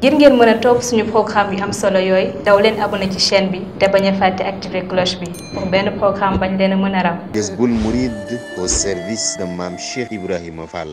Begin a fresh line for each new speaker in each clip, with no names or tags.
ngir ngeen mën a topp suñu programme yu am solo yooyu daw leen abonné ci chaîne bi te bañ a fàtte activer
cloche bi pour benn programme bañ leen a mën a ram
Jazboul Mouride au service de Mame Cheikh Ibrahima Fall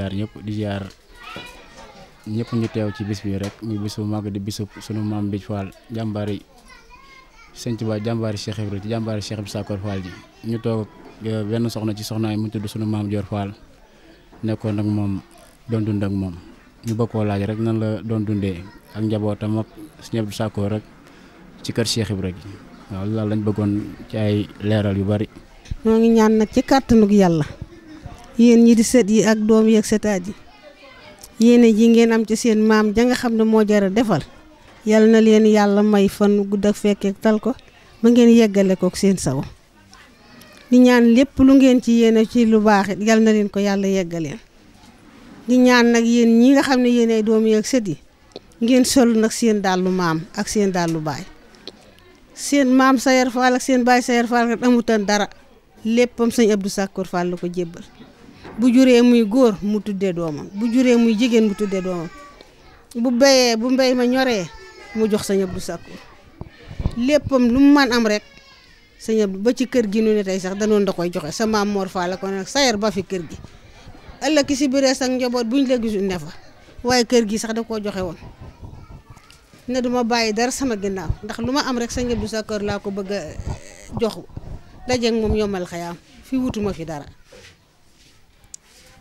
ziar ñëpp di ziar ñëpp ñu teew ci bis bi rek muy bisu màgg di bisu sunu maam Mbéthio Fall jàmbaari Sëñ baa jàmbaari Cheikh ci jàmbaari Cheikh Ibra Sakor Fall ji ñu toog euh, benn soxna ci soxnaay mu tudd sunu maam Dior Fall nekkoon ak moom doon dund ak moom ñu bëgg laaj rek nan la doon dundee ak njabootam ak Sëñ Abdou Sakor rek ci kër Cheikh Ibrahima ji waaw loolu lañ bëggoon ci ay leeral yu bari.
ñoo ngi ñaan nag ci kàttanug yàlla. yéen ñi di sët yi ak doom yi ak sëtaat yi yéene ji ngeen am ci seen maam janga xam ne moo jar a defal yal na leen yàlla may fan gudd ak fekkee tal ko ba ngeen yeggale ko seen sago di ñaan lépp lu ngeen ci yéene ci lu baax it na leen ko yàlla yeggaleen di ñaan nag yéen ñi nga xam ne yéen ay doom yi ak sët yi ngeen sol nag seen dàllu maam ak seen lu baay seen maam Sayer Fall ak seen baay Sayer Fall kat amutan dara lépp sëñ Abdou Sakkour Fall la bu juree muy góor mu tuddee doomam bu juree muy jigéen mu tuddee doomam bu béyee bu mbéy ma ñoree mu jox sëñ Abdou Sakkour léppam lu mu man am rek sëñ Abdou ba ci kër gi nu ne tey sax danoon da koy joxe sa maam Mor Fall ko nag sayer ba fi kër gi ëllëg ki si biir sax njaboot buñ la gisul ne fa waaye kër gi sax da koo joxe woon ne duma bàyyi dara sama ginnaaw ndax lu ma am rek sëñ Abdou kër laa ko bëgg a eh, jox dajeeg moom yombal xayaam fi wutuma fi dara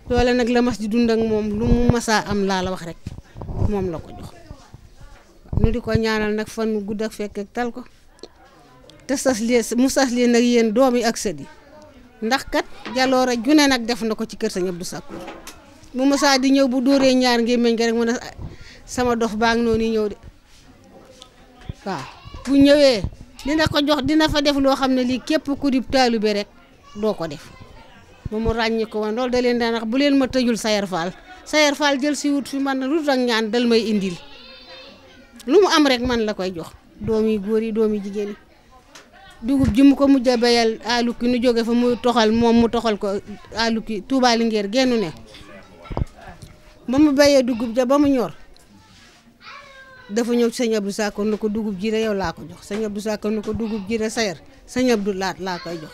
loole nag la mas di dund ak moom lu mu masaa am laa la wax rek moom la ko jox nu di ko ñaanal nag fan mu gudd ak fekk ak tal ko te sas leen mu sas leen nag yéen doom yi ak sët ndax kat jaloore june nag def na ko ci kër Sëñ Abdou Sakkour mu masaa di ñëw bu dóoree ñaar ngi meñ nga rek mën a ah, sama dof baa ngi noonu ñëw de waaw bu ñëwee dina ko jox dina fa def loo xam ne lii képp ku di taalibe rek doo ko def ba mu ràññi ko woon loolu da leen daan bu leen ma tëjul Sayer Fall Sayer Fall jël si wut fi man rut ak ñaan dal may indil lu mu am rek man la koy jox doomi góor yi doomi jigéen dugub ji mu ko mujj a bayal béyal aluki nu jóge fa muy toxal moom mu toxal ko aluki Touba Linguère gennu ne ba mu béyee dugub ja ba mu ñor dafa ñëw sa Abdou Sakko na ko dugub ji de yow laa ko jox sëñ Abdou Sakko na ko dugub ji de Sayer sëñ Abdou laat laa koy jox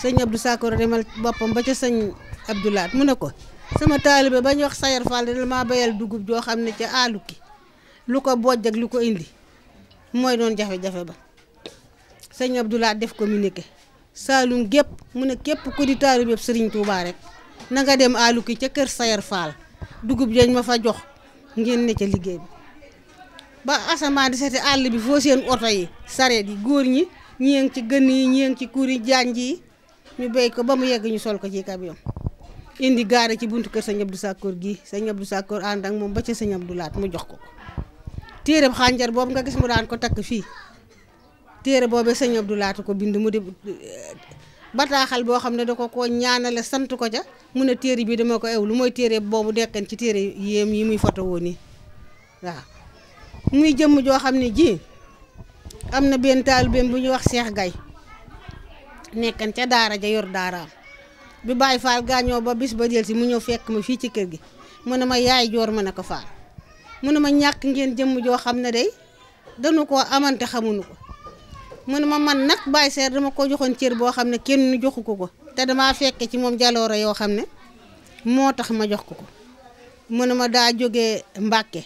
sëñ Abdou Sakor demal boppam ba ca sëñ Abdou mu ne ko sama taalibe bañ wax Sayar Fall dina maa bayal dugub joo xam ne ca aalu ki lu ko bojj ak ko indi mooy doon jafe-jafe ba sëñ Abdou Lahat def communiqué Saalum gépp mu ne képp ku di taalibe Sëriñ rek na dem aalu ki ca kër Sayar Fall dugub jañ ma fa jox ngeen ne ca liggéey bi ba asamaan di seeti àll bi foo seen oto yi sareet yi góor ñi ñii ci gën yi ñii ci kuri janj yi ñu béy ko ba mu yegg ñu sol ko ci camion indi gaare ci buntu kër sëñ Abdou gi gii sëñ Abdou Sakkoor ànd ak moom ba ca sëñ du Laat mu jox ko ko téere xànjar boobu nga gis mu daan ko takk fii téere boobee sëñ Abdou Laat ko bind mu di bataaxal boo xam ne da ko ko ñaanale sant ko ca mu ne téere bi dama ko ew lu mooy téere boobu dekkan ci téere yéem yi muy foto woon yi waaw muy jëmm joo xam ne ji am na benn taalibeem bu ñuy wax Seex Gay nekkan ca daara ja yor daaraam bi Baye Fall gaañoo ba bis ba jël si mu ñëw fekk ma fii ci kër gi mu ne ma yaay joor ma ne ko Fall mu ne ma ñàkk ngeen jëmm joo xam ne day dañu ko amante xamuñu ko mu ne ma man nag Baye Seer dama ko joxoon cër boo xam ne kenn joxu ko ko te damaa fekke ci moom jalooro yoo xam ne moo tax ma jox ko ko mu ne ma daa jóge Mbàkke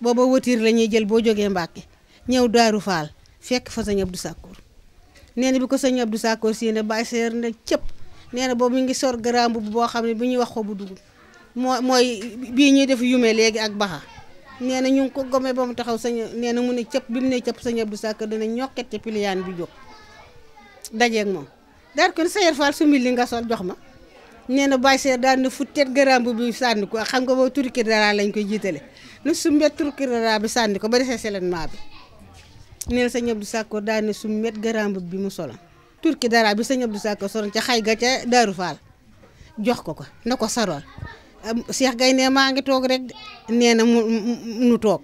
booba wëtiir lañuy jël boo jógee Mbàkke ñëw Daaru Fall fekk fa sëñ Abdou Sakkour nee na bi ko sëñ Abdou Sakkoor Sy ne bàyyi seer na cëpp nee na boobu mi ngi sor grand mbubb boo xam ne bi ñuy wax ko bu dugub moo mooy bii ñuy def yume léegi ak baxa nee na ñu ngi ko gome ba mu taxaw sëñ nee na mu ne cëpp bi mu ne cëpp sëñ Abdou Sakkoor dana ñokkete piliyaan bi jóg dajeeg moom daal kon Sayer Fall su mil li nga sol jox ma nee na bàyyi seer daal na futteet grand bi sànni ko xam nga boo turki dara lañ koy jiitale nu sumbet turki dara bi sànni ko ba desee maa bi neen sëñ Abdou Sakkoor daal ne su met garamb bi mu solo turki dara bi sëñ Abdou Sakkoor solo ca xay ga ca Daaru Faal jox ko ko na ko sarool Cheikh Gaye ne maa ngi toog rek nee na mu nu toog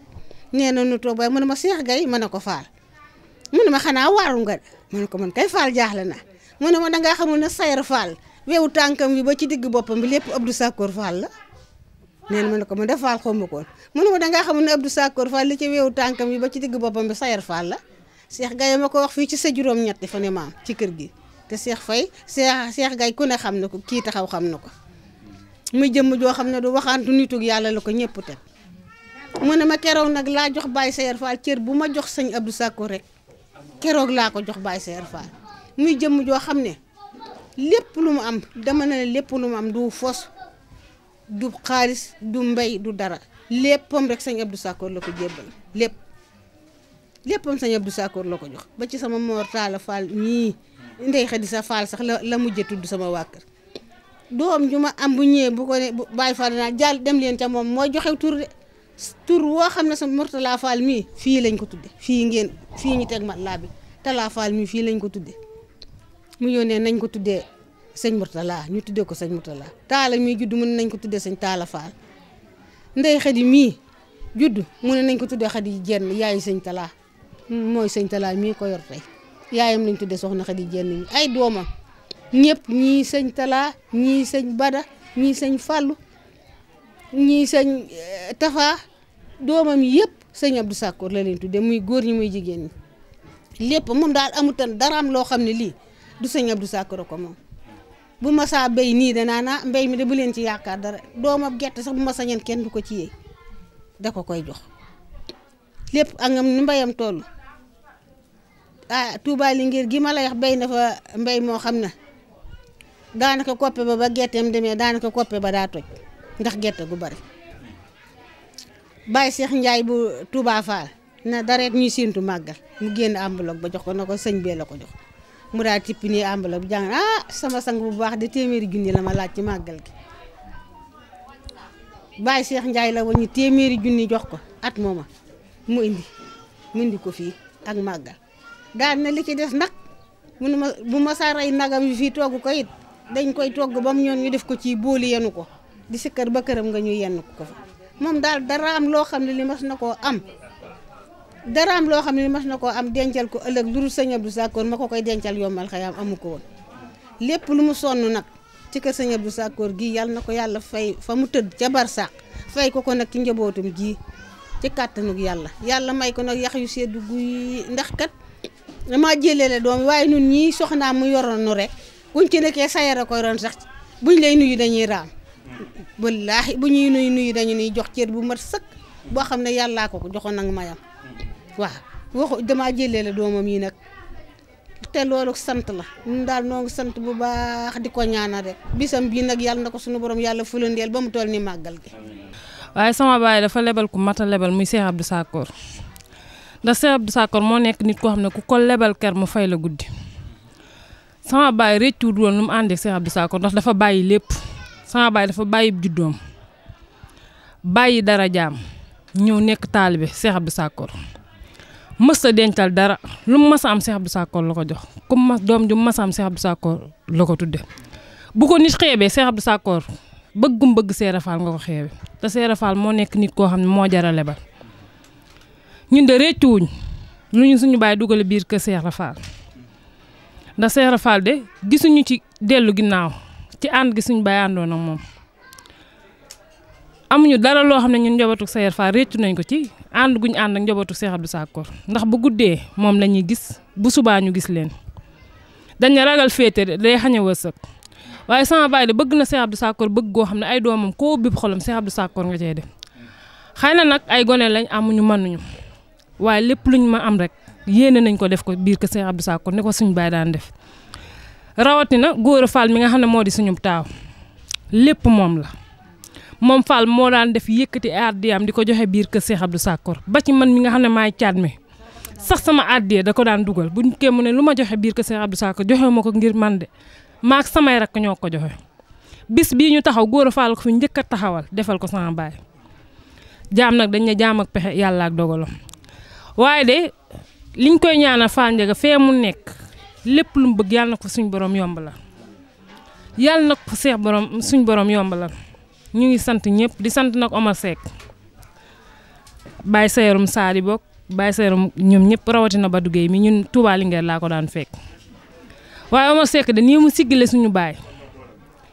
nee na nu toog waaye mu ne ma Cheikh Gaye ma ne ko faal mu ne ma xanaa waaru nga ma ne ko man kay faal jaaxle na mu ne ma dangaa xamul ne sayar faal u tànkam bi ba ci digg boppam bi lépp Abdou Sakkoor faal la nee na ne ko ma def faal xaw ma koon mu ne ma dangaa xamul ne Abdou Sakkoor Fall li ci weewu tànkam yi ba ci digg boppam bi Sayar Fall la Cheikh Gaye ma ko wax fii ci sa juróom-ñetti fa ne maam ci kër gi te seex fay Cheikh Cheikh Gaye ku ne xam na ko kii taxaw xam na ko muy jëmm joo xam ne du waxaantu nitug yàlla la ko ñëpp teg mu ne ma keroog nag laa jox Baye Sayar Fall bu ma jox sëñ Abdou Sakkoor rek keroog laa ko jox Baye Sayar muy jëmm joo xam ne lépp lu mu am dama ne lépp lu mu am du fos du xaalis du mbay du dara léppam rek sëñ Abdou Sakkoor la ko jébbal lépp léppam sëñ Abdou Sakkoor la ko jox ba ci sama Mor Talla Fall ñii ndey xadi sa Fall sax la la mujjee tudd sama waa kër doom ju ma am bu ñëwee bu ko ne naa jàll dem leen ca moom mooy joxe tur de tur woo xam ne sa Mourtala Fall mii fii lañ ko tudde fii ngeen fii ñu teg mat laa bi Talla Fall mii fii lañ ko tudde mu yónnee nañ ko tuddee sëñ Mourtala ñu tuddee ko sëñ Mourtala taala mii judd mu ne nañ ko tuddee sëñ Taala Faal ndey Xadi mii juddu mu nañ ko tuddee Xadi Jenn yaayu sëñ Tala mooy sëñ Tala mii ko yor tey yaayam lañ tuddee soxna Xadi Jenn ay doomam ñëpp ñii sëñ Tala ñii sëñ Bada ñii sëñ Fàllu ñii sëñ eh, Tafa doomam yëpp sëñ du Sakkoor la leen tuddee muy góor ñi muy jigéen ñi lépp moom daal amutan daraam loo xam ne lii du sëñ Abdou Sakkoor ko moom. bu ma saa béy nii de naa mbay mi de bu leen ci yaakaar dara doomam gerte sax bu ma sañeen kenn du ko ci yéey da ko koy jox lépp ak ngam ni mbéyam tuubaali ah, ngir gi ma la wax béy na fa mbéy moo xam ne daanaka koppe ba ba gerteem demee daanaka koppe ba daa toj ndax gerte gu bari Baye Cheikh Ndiaye bu Touba Fall na dara dareet ñuy séentu màggal mu génn am bloc ba jox ko na ko sëñ bee la ko jox mu daal tippi nii a bu jàng ah sama sang bu baax de téeméeri junni la ma laaj ci màggal gi Baye Cheikh Ndiaye la wañu téeméeri junni jox ko at mooma mu indi mu indi ko fii ak màggal daal na li ci des nag munu ma bu ma saa rey nagam yu fii togg ko it dañ koy togg ba mu ñoon ñu def ko ci booli yenu ko di si kër ba këram nga ñu yenn ko fa moom daal dara am loo xam ne li mas na koo am dara am loo xam ne ni mas na koo am dencal ko ëllëg lu dul sëñ Abdou Sakkoor ma ko koy dencal yombal xëyam amu ko woon lépp lu mu sonn nag ci kër sëñ Abdou Sakkoor gi yàlla na ko yàlla fay fa mu tëdd ca barsàq fay ko ko nag ci njabootum gii ci kàttanug yàlla yàlla may ko nag yax yu seddu guy ndax kat dama jëleele doom waaye nun ñii soxnaam mu yoroon nu rek buñ ci nekkee sayara koy roon sax buñ lay nuyu dañuy raam wallaahi bu ñuy nuyu nuyu dañu nuy jox cër bu mat sëkk boo xam ne yàllaa ko ko joxoon nag mayam waaw waxu damaa jëlee la doomam yi nag te loolu sant la ñun daal noo sant bu baax di ko ñaana rek bisam bii nag yàlla na ko suñu borom yàlla fulandeel ba mu toll ni màggal gi.
waaye sama baay dafa lebal ku mat lebal muy Cheikh Abdou Sakor ndax Cheikh Abdou Sakor moo nekk nit koo xam ne ku ko lebal ker mu fay la guddi sama baay rëccuwul mu ànd ak Cheikh Abdou ndax dafa bàyyi lépp sama dafa bàyyi juddoom bàyyi dara jaam ñëw nekk taalibe Cheikh Abdou Sakor. mësta dencal dara lu mu mës a am Cheikh Abdou Sakor la ko jox ku mas doom ju mu mës a am Cheikh Abdou Sakor la ko tudde bu ko nit xeebee Cheikh Abdou Sakor bëggum bëgg Seera Fall nga ko xeebe te Seera Fall moo nekk nit koo xam ne moo jarale ba ñun de réccuwuñ lu ñu suñu bàyyi dugale biir kër Seera Fall ndax Seera Fall de gisuñu ci dellu ginnaaw ci ànd gi suñu bàyyi àndoon moom. amuñu dara loo xam ne ñun njobootu Saér Fall réccu nañ ko ci ànd ànd ak njobootu Cheikh Abdou Sakor ndax bu guddee moom la ñuy gis bu subaa ñu gis leen dañ ne ragal féete day xañ a wërsëg waaye sama baay de bëgg na Cheikh du Sakor bëgg goo xam ne ay doomam koo ubbi xolom Cheikh Abdou Sakor nga cey de xëy na nag ay gone lañ amuñu mënuñu waaye lépp luñ ma am rek yéene nañ ko def ko biir kër Cheikh Abdou Sakor ni ko suñu baay daan def rawatina góor a mi nga xam ne moo di suñu taaw lépp moom la. moom Fall moo daan def yëkkati àddiyaam di ko joxe biir kër Cheikh Abdou Sakor ba ci man mi nga xam ne maay caat mi sax sama àddiyee da ko daan dugal bu ñu kee mu ne lu ma joxe biir kër Cheikh Abdou Sakor joxe ma ko ngir man de maak samay rakk ñoo ko joxe. bis bii ñu taxaw góor ko fi njëkk a taxawal defal ko sama baay jaam nag dañ ne ak pexe yàlla ak dogalam waaye de liñ koy ñaanal Fall Ndiaga mu nekk lépp lu mu bëgg yàlla na ko suñ borom la yàlla na ko seex borom suñ borom yombalal. ñu ngi sant ñëpp di sant nag Omar Seck baay Seyerum Saali bokk Baye Seyerum ñoom ñëpp rawatina ba Gueye mi ñun tubaalingeer laa ko daan fekk waaye Omar Seck de nii mu siggile suñu baay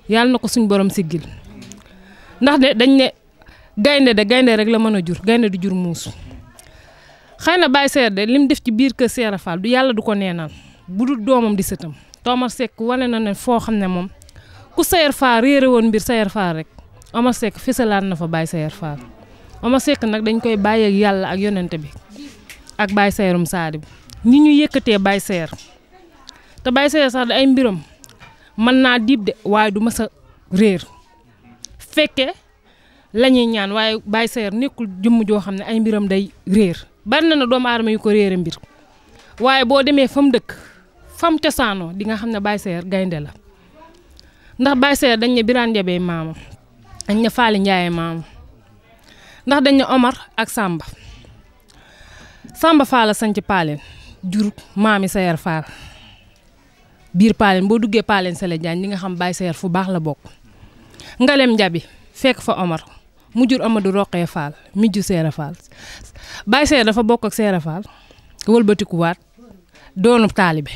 yàlla na ko suñu borom siggil ndax de dañ ne gaynde de gaynde rek la mën a jur gaynde du jur muus xëy na baay Seyer de lim def ci biir kër Seera Fall du yàlla du ko neenal bu du doomam di sëtam Omar Seck wane na ne foo xam ne moom ku Seyer Fall réere woon mbir Seyer Fall rek. Omar Seck fësalaat na fa Baye Sayer Fall Omar nag dañ koy bàyyeeg yàlla ak yonent bi ak Baye Sayerum Saadi bi ni ñu yëkkatee Baye Sayer te Baye Sayer sax da ay mbiram mën naa diib de waaye du mës a réer fekke lañuy ñaan waaye Baye Sayer nekkul jëmm joo xam ne ay mbiram day réer bari na na doomu aadama yu ko réere mbir waaye boo demee fa mu dëkk fa mu cosaanoo di nga xam ne Baye Sayer gaynde la ndax Baye Sayer dañ ne Birane Ndiabé maamam dañ ne Faly Ndiaye maam ndax dañ ne Omar ak sàmba sàmba Fall sanc Paalen jur maami Sayer Fall biir Paalen boo duggee Paalen Sele Diagne li nga xam Baye Sayer fu baax la bokk Ngalem Njabi fekk fa Omar mu jur Amadou Roqee Fall mi jur Sayer Fall Baye Sayer dafa bokk ak Sayer Fall wëlbatikuwaat doonub taalibe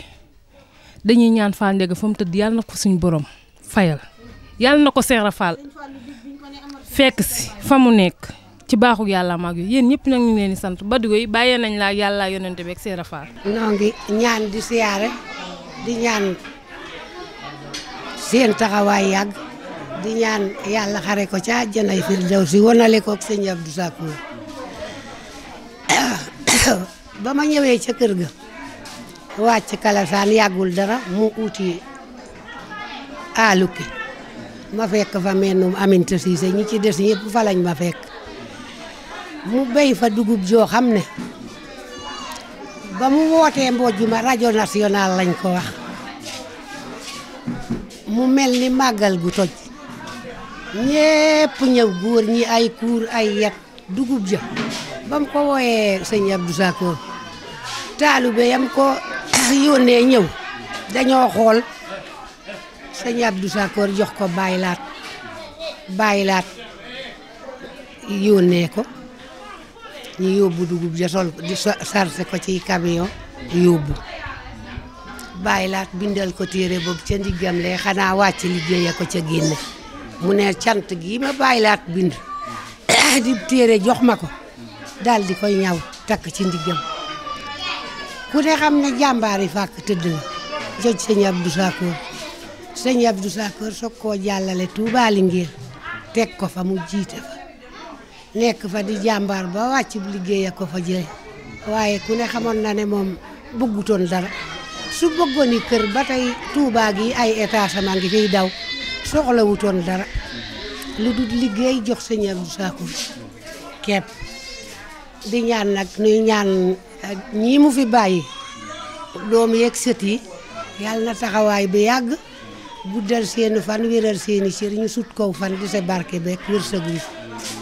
dañuy ñaan Fall Ndiaga fa tëdd yàlla na ko suñ borom fayal yàlla na ko Sayer Fall fekk si fa mu nekk ci baaxu yàlla mag yi yéen ñëpp nag ñu leen sant ba yi bàyyee nañ laa yàlla yonente beeg Serap Fall. noo
ñaan di siyaare di ñaan seen taxawaay yàgg di ñaan yàlla xare ko ca àjjanay firdawsi wonale ko ak sëñ Abdou Sakkour ba ma ñëwee ca kër ga wàcc kalasaan yàggul dara mu uti aaluki ma fekk fa mennum Aminta Cissé ñi ci des ñëpp fa lañ ma fekk mu béy fa dugub joo xam ne ba mu wootee mbojj ma rajo nationale lañ ko wax mu mel ni màggal gu toj ñépp ñëw góor ñi ay kuur ay yet dugub ja ba mu ko wooyee sëñ Abdou Sakor taalube yam ko yónnee ñëw dañoo xool sëñ Abdou Sakor jox ko bàyyi laat bàyyi laat ko ñu yóbbu dugub ja sol di sarse ko ci camion yóbbu bàyyi laat bindal ko téere boobu ca ndiggam lee xanaa wàcc liggéeya ko ca génne mu ne cant gi ma bind di téere jox ma ko daal di koy ñaw takk ci ndiggam ku ne xam ne jàmbaari fàkk tëdd la joj sëñ Abdou Sakor sëñ Abdou Sakor soog koo jàllale Touba Linguère teg ko fa mu jiite fa nekk fa di jàmbaar ba wàcc liggéey a ko fa jële waaye ku ne xamoon na ne moom bëggutoon dara su bëggoon i kër ba tey Touba gi ay étage ma ngi fiy daw soxlawutoon dara lu dul liggéey jox sëñ Abdou Sakor kepp di ñaan nag nuy ñaan ñii mu fi bàyyi doom yeeg sët yi yàlla na taxawaay bi yàgg guddal seeni fan wéral seeni cër ñu sut kow fan di sa barke beeg wërsëg wi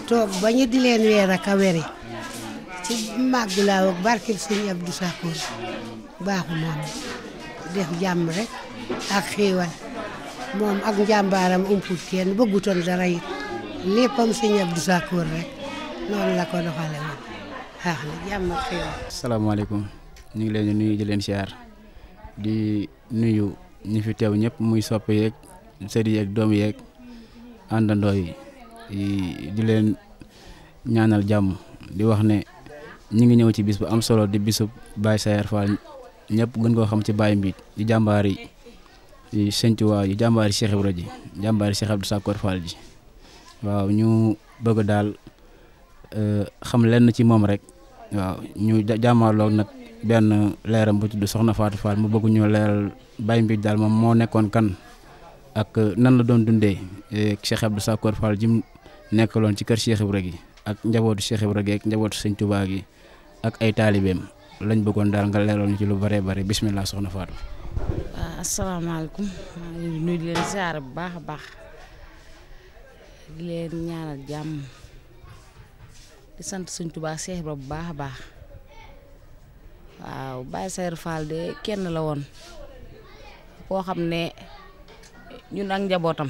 toog ba ñu di leen weer ak a were ci màgg laa wax barke sëñ Abdou Sakkour baaxu moom def jàmm rek ak xéewal moom ak njàmbaaram umput kenn bëggutoon dara it léppam sëñ Abdou Sakkour rek noonu la ko doxale woon baax jàmm ak xéewal.
salaamaaleykum ñu ngi leen di nuyu di leen siyaar di nuyu. ñi fi teew ñëpp muy soppe yeeg sët doom yeeg àndandoo yi di leen ñaanal jàmm di wax ne ñu ngi ñëw ci bis bu am solo di bisu Baye Saér Fall ñëpp gën koo xam ci baay Mbit di jàmbaar yi Sëñ Tuubaa yi jàmbaar yi Cheikh Ibra ji jàmbaar yi Cheikh Abdou Sakor Fall ji waaw ñu bëgg daal euh, xam lenn ci moom rek waaw ñu jàmmaarloog nag benn leeram bu tudd Soxna Fatou Fall mu bëgg ñu leeral Baye Mbithie daal moom moo nekkoon kan ak nan la doon dundee eh, Cheikh du Sakor Fall jim nekkaloon ci kër Cheikh Ibra gi ak njabootu Cheikh Ibra gi ak njabootu Sëñ Touba gi ak ay taalibeem lañ bëggoon daal nga leeral ci lu bëree bëri bismillah Soxna Fatou.
waaw ah, asalaamaaleykum maa ngi leen ziar bu baax a baax di leen ñaanal jàmm di sant Sëñ Touba Cheikh Ibra bu baax a baax. waaw Baye Saer Fall de kenn la woon koo xam ne ñu ak njabootam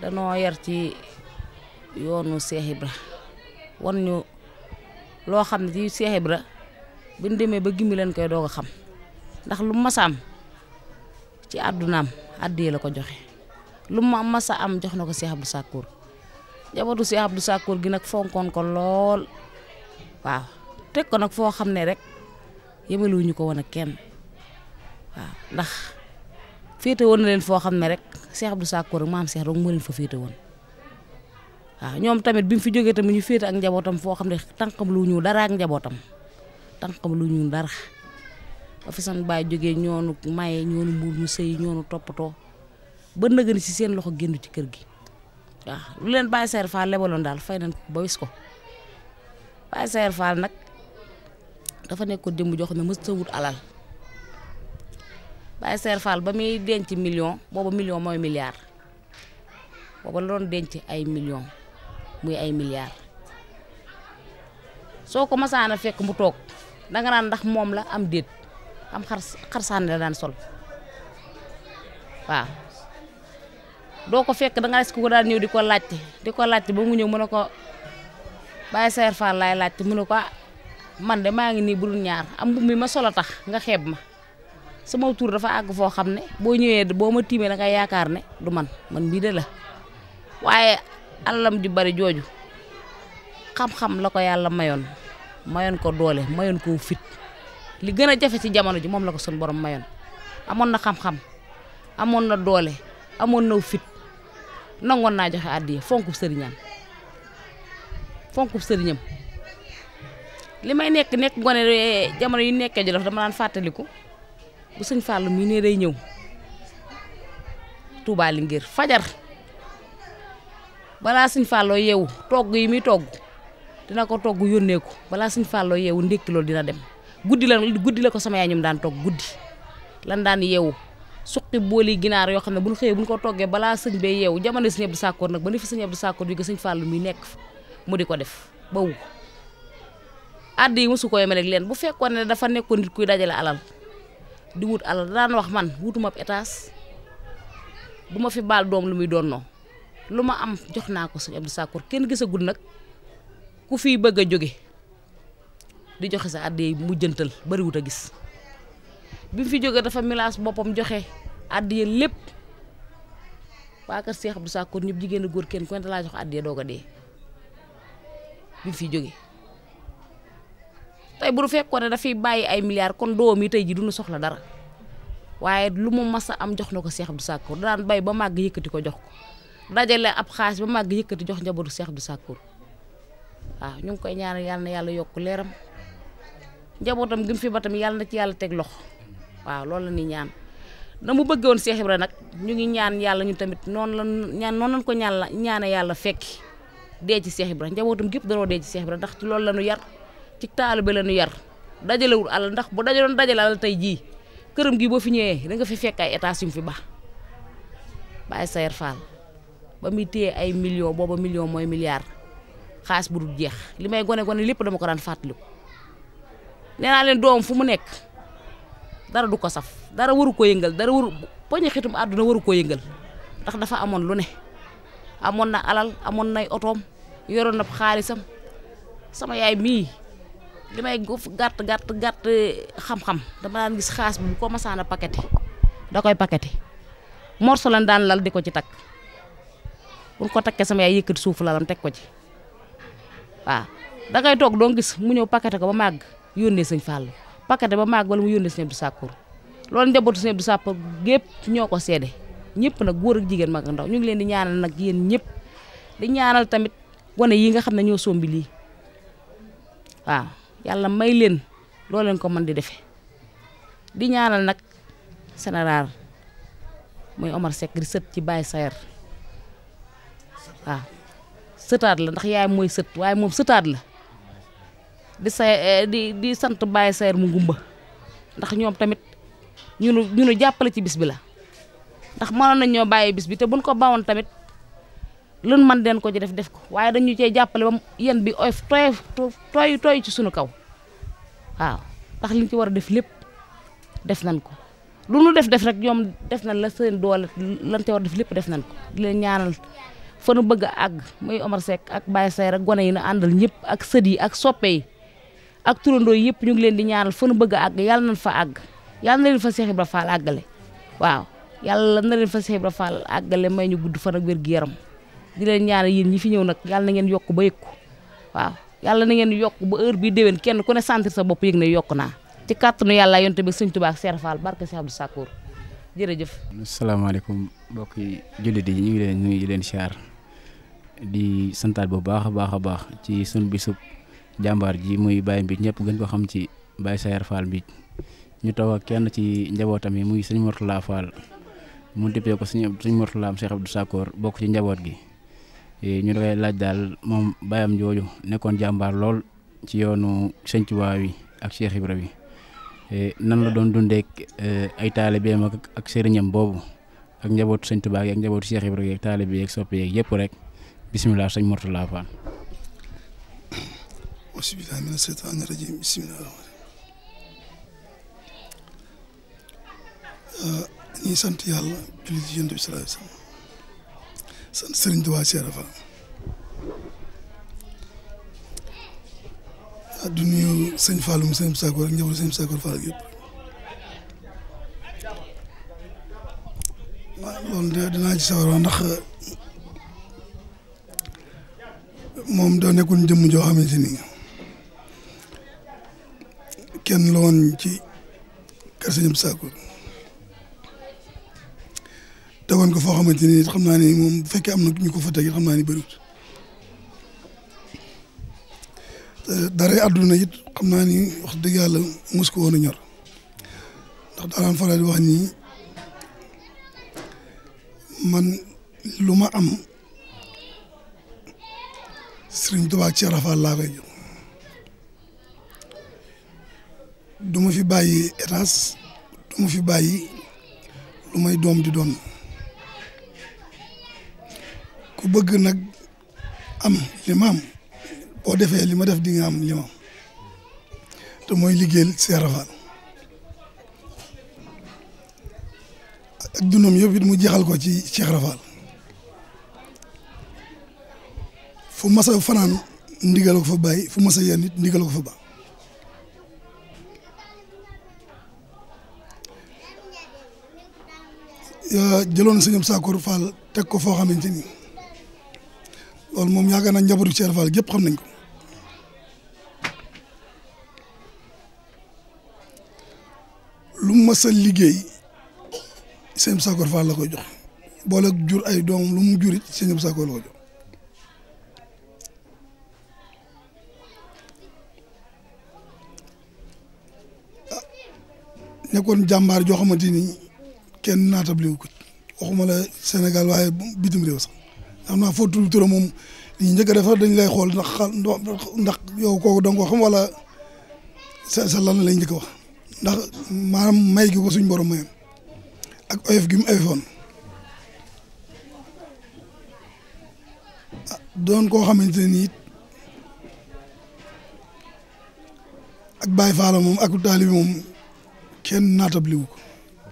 danoo yar ci yoonu Cheikh Ibra wan ñu loo xam ne ci Cheikh Ibra bi ñu demee ba gimmi leen koy doo a xam ndax lu mas ci àddunaam àddi la ko joxe lu ma mas am jox na ko Cheikh Abdou Sakkour njabootu Cheikh Abdou Sakkour gi nag fonkoon ko lool waaw teg ko nag foo xam ne rek yëbaluwuñu ko woon ak kenn waaw ndax féete woon na leen foo xam ne rek Cheikh Abdou Sakkour ak maam Cheikh rek moo féete woon waaw ñoom tamit bi fi jógee tamit ñu féete ak njabootam xam ne tànqam lu ñu dara ak njabootam tànqam lu ñuul dara ba fi san baay jógee ñoonu maye ñoonu mbuur ñu sëy ñoonu toppatoo ba nëgëni ci seen loxo génn ci kër gi waaw lu leen Baye Seer Fall lebaloon daal fay nañ ko ba wis ko Baye Seer Fall nag. dafa nekkoon démb joo xam ne mës ta wut alal Baye Serre Fall ba muy denc million booba million mooy milliard booba la doon denc ay million muy ay milliard soo ko masaana fekk mu toog danga naan ndax moom la am déet am xar xarsaan la daan sol waaw doo ko fekk danga des ko daan ñëw di ko laajte di ko laajte ba mu ñëw mu ne ko Baye Serre Fall laay laajte mu ne ko ah, man de maa ngi nii budul ñaar am mbubb mi ma solo tax nga xeeb ma sama tuur dafa àgg foo xam ne boo ñëwee boo ma tiimee da nga yaakaar ne du man man mii de la waaye alalam ju bari jooju xam-xam la ko yàlla mayoon mayoon ko doole mayoon ko fit li gën a jafe ci jamono ji moom la ko sun borom mayoon amoon na xam-xam amoon na doole amoon na fit nangoon naa joxe àddiya fonku sëriñam fonku sëriñam li may nekk nekk gone jamono yu nekkee Jolof dama daan fàttaliku bu sëñ Fallou mii ne day ñëw Touba li ngir fajar balaa sëñ Fallou yeewu togg yi muy togg dina ko togg yónnee balaa sëñ Fallou yeewu ndékki loolu dina dem guddi la guddi la ko sama yaay ñum daan togg guddi lan daan yeewu suqi booli ginaar yoo xam ne bu ñu xëyee bu ñu ko toggee balaa sëñ bee yeewu jamono sëñ Abdou Sakkoor nag ba ni fi sëñ Abdou Sakkoor bi ga sëñ Fallou mi nekk mu di ko def ba wu àdd yi mosu ko yemee rek leen bu fekkoon ne dafa nekkoon nit kuy dajale alal di wut alal daan wax man wutuma etaas bu ma fi baal doom lu muy doon doonnoo lu ma am jox naa ko suñu Abdou Sakkour kenn gisagul nag ku fii bëgg a jóge di joxe sa àdd yi mujjantal bariwut a gis bi mu fi jógee dafa milaas boppam joxe àdd yi lépp waa kër Cheikh Abdou Sakkour ñëpp jigéen góor kenn ku ne laa jox àdd yi doog a dee bi mu fi jóge tey bu fekkoon ne dafay bàyyi ay milliards kon doom yi tey ji duñu soxla dara waaye lu mu mas a am jox na ko Cheikh Abdou Sakkour daan bay ba màgg yëkkati ko jox ko dajale ab xaalis ba màgg yëkkati jox njabootu Cheikh Abdou Sakkour waaw ñu ngi koy ñaanal yàlla yàlla yokk leeram njabootam gi mu fi ba tam yàlla na ci yàlla teg loxo waaw loolu la ñuy ñaan na mu bëggoon Cheikh Ibra nag ñu ngi ñaan yàlla ñu tamit noonu la ñaan noonu lañ ko ñaan la ñaane yàlla fekki dee ci Cheikh Ibra njabootam gépp danoo dee ci Cheikh Ibra ndax ci loolu la ñu yar ci taalibe la nu yar dajalewul alal ndax bu dajaloon dajale alal tey jii këram gi boo fi ñëwee da fi fekk ay états yu fi baax bàyyi Sayer Fall ba muy téye ay million booba million mooy milliard xaalis bu dul jeex li may gone gone lépp dama ko daan fàttaliku nee naa leen doom fu mu nekk dara du ko saf dara waru ko yëngal dara waru poñi xitum àdduna waru ko yëngal ndax dafa amoon lu ne amoon na alal amoon nay otoom yoroon na xaalisam sama yaay mii li may guuf gàtt gàtt gàtt xam-xam dama daan gis xaas bu ko masaan a da koy pakete morso lan daan lal di ko ci takk bu ko takkee sama yaay yëkkati suuf lalam teg ko ci waaw dangay toog doo gis mu ñëw pakete ko ba màgg yónnee sëñ Fallou pakete ba màgg wala mu yónnee sëñ Abdou Sakkour loolu njabootu sëñ Abdou Sakkour gépp ñoo ko seede ñëpp nag góor ak jigéen mag ak ñu ngi leen di ñaanal nag yéen ñëpp di ñaanal tamit wane yii nga xam ne ñoo sombi lii waaw yàlla may leen loo leen ko mën di defe di ñaanal nag général muy Omar Seck di sët ci Baye Sayer waaw sëtaat la ndax yaay mooy sët waaye moom sëtaat la di say eh, di di sant Baye Sayer mu ngumba ndax ñoom tamit ñu nu jàppale ci bis bi la ndax mënoon nañ ñoo bàyyi bis bi te buñ ko bawoon tamit lun man den ko ci def def ko waaye dañu cee jàppale ba yéen bi oyof tooy tooy ci sunu kaw waaw ndax liñ ci war a def lépp def nañ ko lu mu def def rek ñoom def nañ la seen doole lan te war def lépp def nañ ko leen ñaanal fa nu bëgg àgg muy Omar Seck ak Baye Seyr ak gone yi na àndal ñëpp ak sët ak soppe yi ak turandoo yëpp ñu ngi leen di ñaanal fa nu bëgg a àgg yàlla nañ fa àgg yal na leen fa Cheikh Ibra Fall àggale waaw yàlla na leen fa Cheikh Ibra Fall àggale may ñu gudd fan ak wér gi yaram di leen ñaanal yéen ñi fi ñëw nag yàlla na ngeen yokk ba yëg ko waaw yàlla na ngeen yokk ba heure bi déwén kenn ku ne sentir sa bopp yëg ne yokk naa ci kàttanu yàlla yonte bi sëñ Tuubaa ak Seer Faal barke Seex Abdu Sakoor jërëjëf.
asalaamaaleykum mbokki jullit yi ñu ngi leen nuyu di leen siyaar di santaat bu baax a baax a baax ci sun bisub jàmbaar ji muy Baye Mbith ñëpp gën ko xam ci Baye Seer Faal Mbith ñu taw ak kenn ci njabootam yi muy sëñ Mourtala Fall mu dippee ko sëñ Mourtalaam Seex du Sakoor bokk ci njaboot gi. Eh, ñu da koy laaj daal moom baayam jooju nekkoon jàmbaar lool ci yoonu Sëñ Tuubaa wi ak Cheikh Ibra bi eh, nan la doon dundeek eh, ay taalibeem ak ak sëriñam boobu ak njabootu Sëñ Tuubaa ak njabootu Cheikh Ibra ak taalibe ak soppe yeeg yëpp rek bisimilah sëñ Mourtala Fall.
bisimilah mina sant Serigne Touba Cheikh Fall ah du nuyu sëñ Falloum sëñ Sakor ak njabootu sëñ Sakor waaw ndax moom doo nekkul jëmm joo xamante ni kenn la ci kër sëñ Sakor. tegoon ko foo xamante ni xam naa ni moom bu fekkee am na ñu ko fa teg xam naa ni bëriwut dara àdduna it xam naa ni wax dëgg yàlla mos ko woon a ñor ndax daanaan faral di wax ni man lu ma am Sëriñ Tuubaa ci Rafal laa koy jox du fi bàyyi étage du fi bàyyi lu may doom di doon ku bëgg nag am li boo defee li ma def di nga am li te mooy liggéeyal Cheikh Rafal ak dundam yëpp it mu jeexal ko ci Cheikh fu mas a fanaan ndigal ko fa bàyyi fu masa a it ndigal ko fa ba jëloon sëñam Sakor Fall teg ko foo xamante ni loolu moom yaakaar naa njabootu Cheikh Fall gépp xam nañ ko lu mës a liggéey sëñ Sakor Fall la koy jox boole jur ay doom lu mu jurit sëñ Sakor la jox ah nekkoon jàmbaar joo xamante ni kenn naatable wu ko waxuma la Sénégal waaye bitim réew sax. xam naa foo tudd moom ñu njëkk a defar dañ lay xool ndax ndax yow kooku danga ko xam wala sa sa lan lay wax ndax maanaam may gi ko suñ borom ak oyof gi mu oyofoon ah, doon koo xamante ne ak baay Fall moom ak taalibi moom kenn naatabliwu ko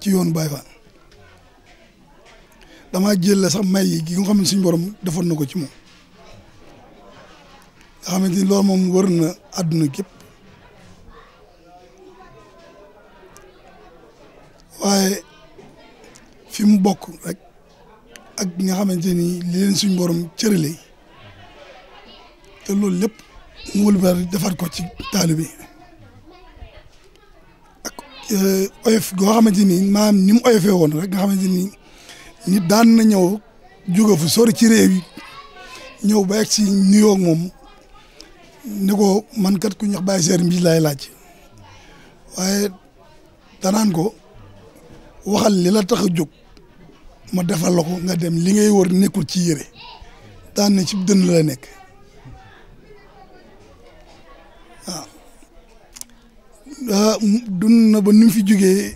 ci yoon Baye damaa jël la sax may gi nga xam ne suñu borom defoon na ko ci moom nga xamante ni loolu moom wër na àdduna képp waaye fi mu bokk rek ak nga xamante ni li leen suñu borom cërale te loolu lépp mu wëlbati defaat ko ci taalibe ak euh, oyof goo xamante ni maanaam ni mu oyofee woon rek nga xamante ni. nit daan na ñëw jóge fu sori ci réew yi ñëw ba egg si nuyoo moom ni ko man kat ku ñax Baye Seer mbii laay laaj waaye danaan ko waxal li la tax a jóg ma defal la ko nga dem li ngay wër nekkul ci yére daan na ci dënn la nekk waaw ah, dund na ba nu mu fi jógee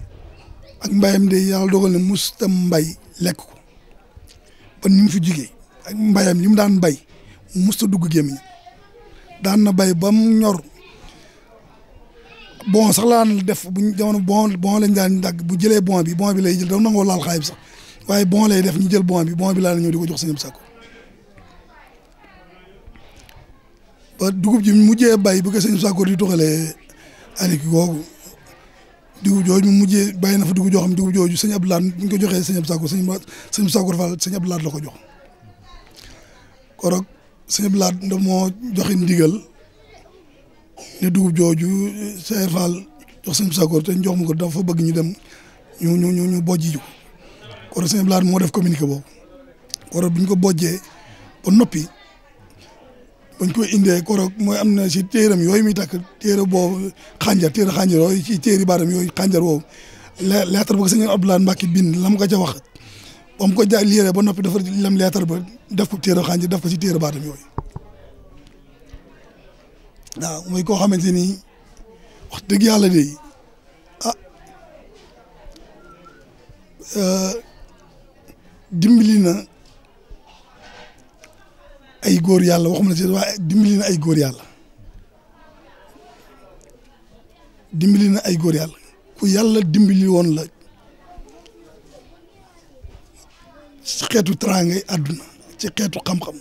ak mbayam de yàlla dogal ne mustam mbay lekk ko ba ni mu fi jugee ak mbayam li mu daan bay musta dugg gémmiñ daan na bay ba mu ñor bon sax laa def bu jamono bon bon lañ daan dagg bu jëlee bon bi bon bi lay jël daw nangoo laal sax waaye bon lay def ñu jël bon bi bon bi laa la ñëw di ko jox sëñ bi sàkko ba dugub ji mujjee bay bu ko sëñ bi sàkko di toxalee aliki googu dugub jooju mu mujjee bàyyi na fa dugub joo xam dugub jooju sëñ Abdoulaat bu ñu ko joxee sëñ Abdou Sakho sëñ sëñ Sakho Fall sëñ Abdoulaat la ko jox korog sëñ Abdoulaat da moo joxe ndigal ne dugub jooju Cheikh Fall jox sëñ Sakho te jox ma ko dafa bëgg ñu dem ñu ñu ñu ñu bojji ji ko korog sëñ Abdoulaat moo def communiqué boobu korog bu ko bojjee ba noppi bañ koy indee koroog mooy am na si téeram yooyu muy takk téere boobu xànjar téere xànjar yooyu ci téeri baaram yooyu xànjar boobu lettre ba ko sëñ Abdoulaye Mbacke bind lam ko wax ba mu ko ja liiree ba noppi dafa lam lettre ba def ko téere xànjar def ko ci téere baaram yooyu mooy koo xamante ni wax dëgg yàlla de ah, euh, na ay góor yàlla waxuma la si waaye dimbali na ay góor yàlla dimbali na ay góor yàlla ku yàlla dimbali woon la ci xeetu teraangay àdduna ci xeetu xam-xam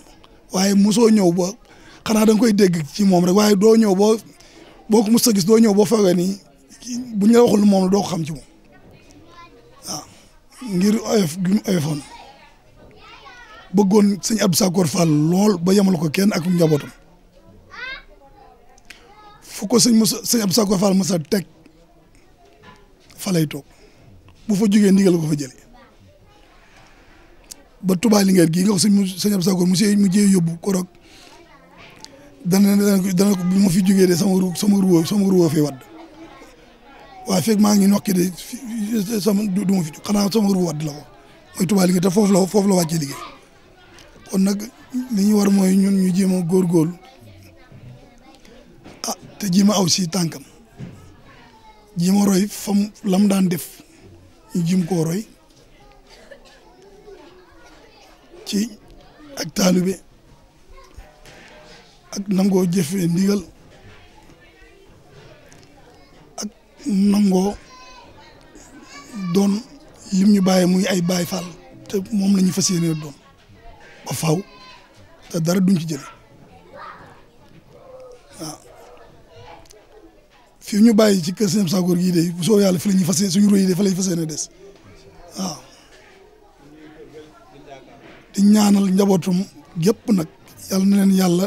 waaye mosoo ñëw ba xanaa da koy dégg ci moom rek waaye doo ñëw boo boo ko mos a gis doo ñëw boo fekkee ni bu ñu la waxul moom la doo xam ci moom ngir oyof bëggoon sëñ Abdou Sakor Fall lool ba yemal ko kenn ak njabootam fu ko sëñ Moussa sëñ Abdou Sakor Fall teg fa lay toog bu fa jógee ndigal ko fa jëlee ba Touba Linguère gii nga ko sëñ sëñ Abdou Sakor monsieur mu jee yóbbu korog dana dana ko bu fi jugee de sama ru sama ruwa sama ruwa fi waaye fekk maa ngi nokki de sama du ma fi xanaa sama ruwa wadd la ko mooy Touba te foofu la foofu la wàccee liggéey. kon nag li ñu war mooy ñun ñu jéem a góorgóorlu ah te jéem a aw si tànkam jéem roy fam lam daan def ñu jim koo roy ci ak taalibe ak nangoo jëfee ndigal ak nangoo doon lim ñu bàyyi muy ay Baay Faal te moom la ñu fas yéene doon ba faw dara duñ ci jële waaw fi ñu bàyyi ci kër Sëñ Sagoor gii de bu soobee yàlla fi la ñuy fas yéene suñu roy yi de fa la ñuy des di ñaanal njabootum gépp nag yàlla na leen yàlla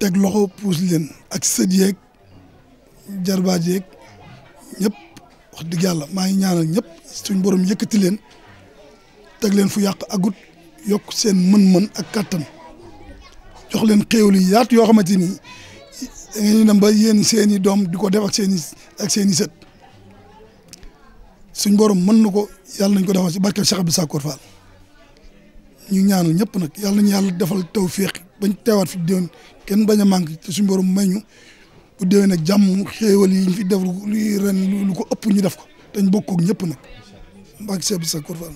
teg loxo puus leen ak sët yeeg jarbaat yeeg ñëpp wax dëgg yàlla maa ngi ñaanal ñëpp suñ borom yëkkati leen teg leen fu yàq agut yokk seen mën-mën ak kàttan jox leen xéewal yi yaatu yoo xamante ni da ngeen ba yéen seen doom di ko def ak seen i ak seen sët suñ mën na ko yàlla nañ ko defal ci barkeb Cheikh Abdou Sakor Fall ñu ñaanal ñëpp nag yàlla nañu yàlla defal taw féex bañ teewaat fi déwén kenn bañ a manqué te suñ borom may ñu bu déwén nag jàmm xéewal yi ñu fi def lu lu ko ëpp ñu def ko dañ bokk ak ñëpp nag barkeb Cheikh Abdou Sakor Fall.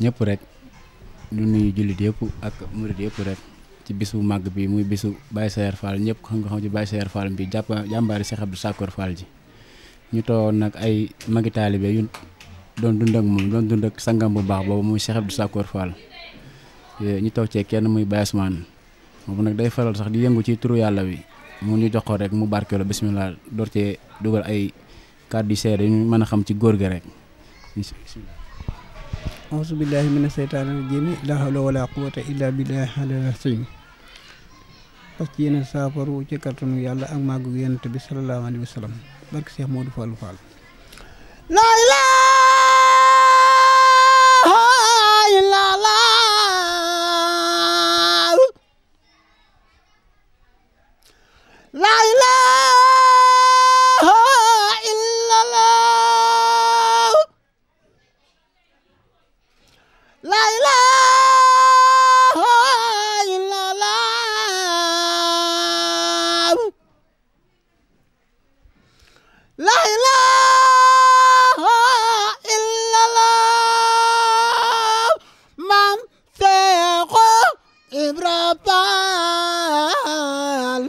ñëpp rek lu nuyu jullit yëpp ak murit yëpp rek ci bisu màgg bi muy bisu Baye Sayer Fall ñëpp xam nga xam ci Baye Sayer Fall bi jàpp jàmbaari Cheikh Abdou Sakor Fall ji ñu toogoon nag ay magi doon dund ak moom bu baax boobu muy Cheikh Abdou Sakor Fall ñu toog cee kenn muy Baye Ousmane moom nag day faral sax di yëngu ci turu yàlla wi mu ñu jox ko rek mu barkeelu bisimilah door cee dugal ay kàddu yu seere yu ñu mën a xam ci góor gi rek.
auzu billahi mina seytaani rajim la hawla wala quwata illa billahi alal azim parce que yéen saafaru ci kàttanu yàlla ak màggu yonent bi sallallahu alayhi wa sallam barke Cheikh Modou Fallou Fall
la ilaha la ilaha illallah maam Seexu Ibra Faal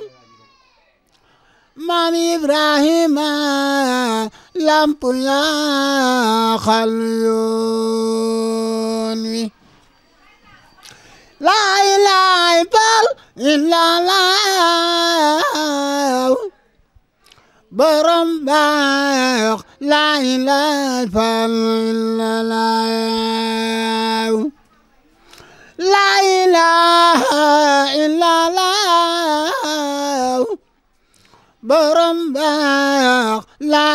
maam Ibrahima lamp borom baax laa ilaaha illallaah laa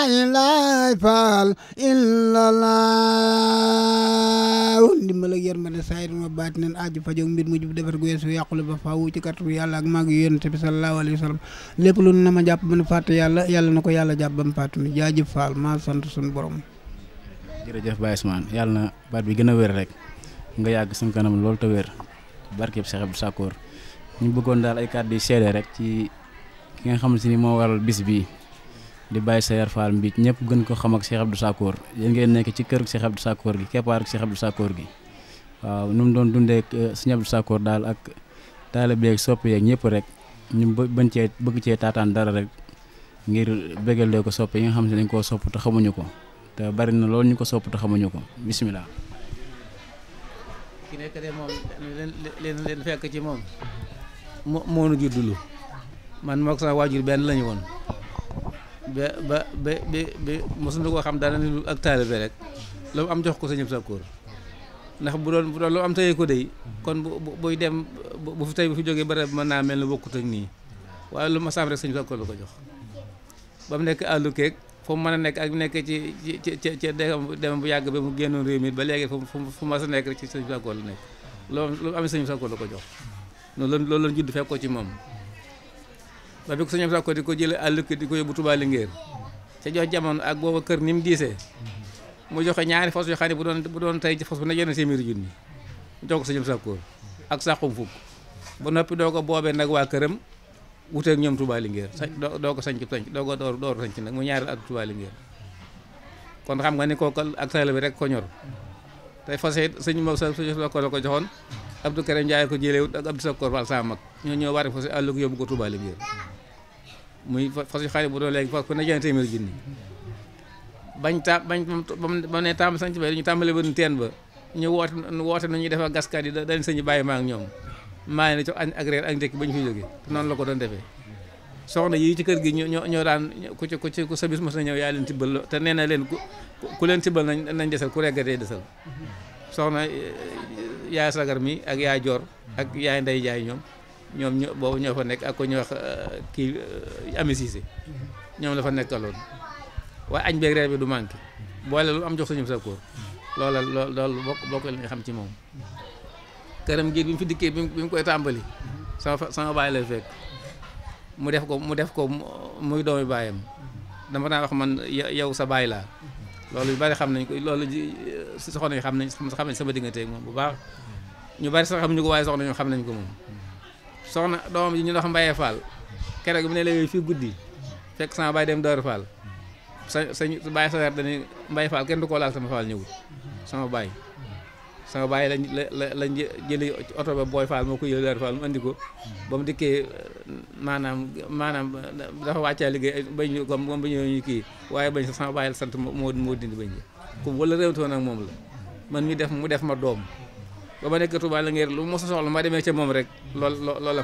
ilaha faal illallah ndimbal ak yërmande saayir ma baat neen aaju fajoog mbir mu jub defar gu yeesu yàqule ba faawu ci kàttanu yàlla ak màgg yonent bi sallallahu alayhi wa lépp lu na ma jàpp ba nu fàtte yàlla yàlla na ko yàlla jàpp ba mu fàttu ni jaajëf faal maa sant suñu borom
jërëjëf Baye Ousmane yàlla na baat bi gën a wér rek nga yàgg suñu kanam loolu te wér barkeb Cheikh Abdou ñu bëggoon daal ay kàddu yu seede rek ci ki nga xam si ni moo di bàyyi Saér Fall Mbith ñëpp gën ko xam ak Cheikh Abdou Sakkoor yéen ngeen nekk ci kër Cheikh Abdou Sakkoor gi keppaar ak Cheikh Abdou Sakkoor gi waaw nu mu doon dundee ak Cheikh Abdou daal ak taalibe yeeg soppe yeeg ñëpp rek ñu bañ cee bëgg cee taataan dara rek ngir bégalee ko soppe yi nga xam ne dañ koo sopp xamuñu ko te bari na loolu ñu ko sopp xamuñu ko bisimilah.
ki leen leen fekk ci moom. moo nu juddulu man moog sama waajur benn lañu woon. ba ba ba ba ba mosuñu koo xam daana ni ak taalibe rek lu mu am jox ko sëñ ab sàkkoor ndax bu doon bu doon lu am tayee ko dey kon bu buy dem bu fi tey bu fi jógee barab mën naa mel ne bokkut ak nii waaye lu ma saaf rek sëñ bi sàkkoor la ko jox ba mu nekk àllu keeg fu mu mën a nekk ak nekk ci ci ci ci dem bu yàgg ba mu génnoon réew mi ba léegi fu mu fu ma sa nekk rek ci sëñ bi sàkkoor la nekk loolu lu amee sëñ bi sàkkoor la ko jox noonu loolu loolu judd fekk ko ci moom ba bi ko suñu di ko jëlee àll di ko yóbbu Touba Linguère ca jox jamono ak booba kër ni mu diise mu joxe ñaari fas yoo xam bu doon bu doon tey fas bu na yenn téeméeri junni jox ko suñu sàkko ak saxum fukk ba noppi doo ko boobee nag waa këram wuteeg ñoom Touba Linguère sa doo ko sañc sañc doo ko door door sañc nag mu ñaari at Touba Linguère kon xam nga ni kooku ak taalibe bi rek ko ñor tey fas it sëñ ma sa suñu sàkko la ko joxoon Abdou Karim Ndiaye ko jëlee wut ak Abdou Sakor Fall sama ñoo ñoo war a fas àll yóbbu ko Touba Linguère muy fas yu xaari bu doon léegi fas ku ne jënd téeméer junni bañ ta bañ ba ne tàmm sanc bay dañu tàmbale ba teen ba ñu woote woote nu ñuy defa gaskat yi dañ sañu bàyyi maa ak ñoom maa ngi ne añ ak reer ak ndékki ba ñu fi jógee noonu la ko doon defee soxna yii ci kër gi ñoo ñoo daan ku ci ku ci ku sabis mos na ñëw yaa leen tibbal te nee na leen ku leen tibbal nañ nañ desal ku reggatee desal soxna eh, yaay sagar mi ak yaay joor ak yaay ndey jaay ñoom ñoom ñoo boobu ñoo fa nekk ak ko ñuy wax euh, kii euh, Ami Cissé mm-hmm. ñoom la fa nekkaloon waaye añ beeg reer bi du manqué boole lu am jox suñu sa koor mm-hmm. loola lool loolu bokk bokk li nga xam ci moom
mm-hmm.
këram gi bi fi dikkee bi mu koy tàmbali sama sama bàyyi lay mu def ko mu def ko muy doomi bàyyam dama naa wax man yow sa bàyyi laa loolu yu bari xam nañ ko loolu euh, soxna yi xam nañ xam nañ sama diggante moom bu baax ñu bari sax xam ñu ko waaye soxna ñu xam nañ ko moom soxna doom yi ñu dox mbayee Fall keroog bi ne la yooyu fii guddi fekk sama baay dem Daaru sa sañ bàyyi sa weer dañuy mbaye Fall kenn du ko laal sama Fall ñëwul sama baay sama baay lañ la lañ jëli oto ba booy Fall moo ko yële Daaru mu andi ko ba mu dikkee maanaam maanaam dafa wàccaa liggéey bañ ñu kom moom ba ñu kii waaye bañ sax sama baay la sant moo moo dindi bañ ku wala réewtoo nag moom la man mi def mu def ma doom ba ma nekk Touba la ngeen lu ma sa soxla ma demee ca moom rek lool lool la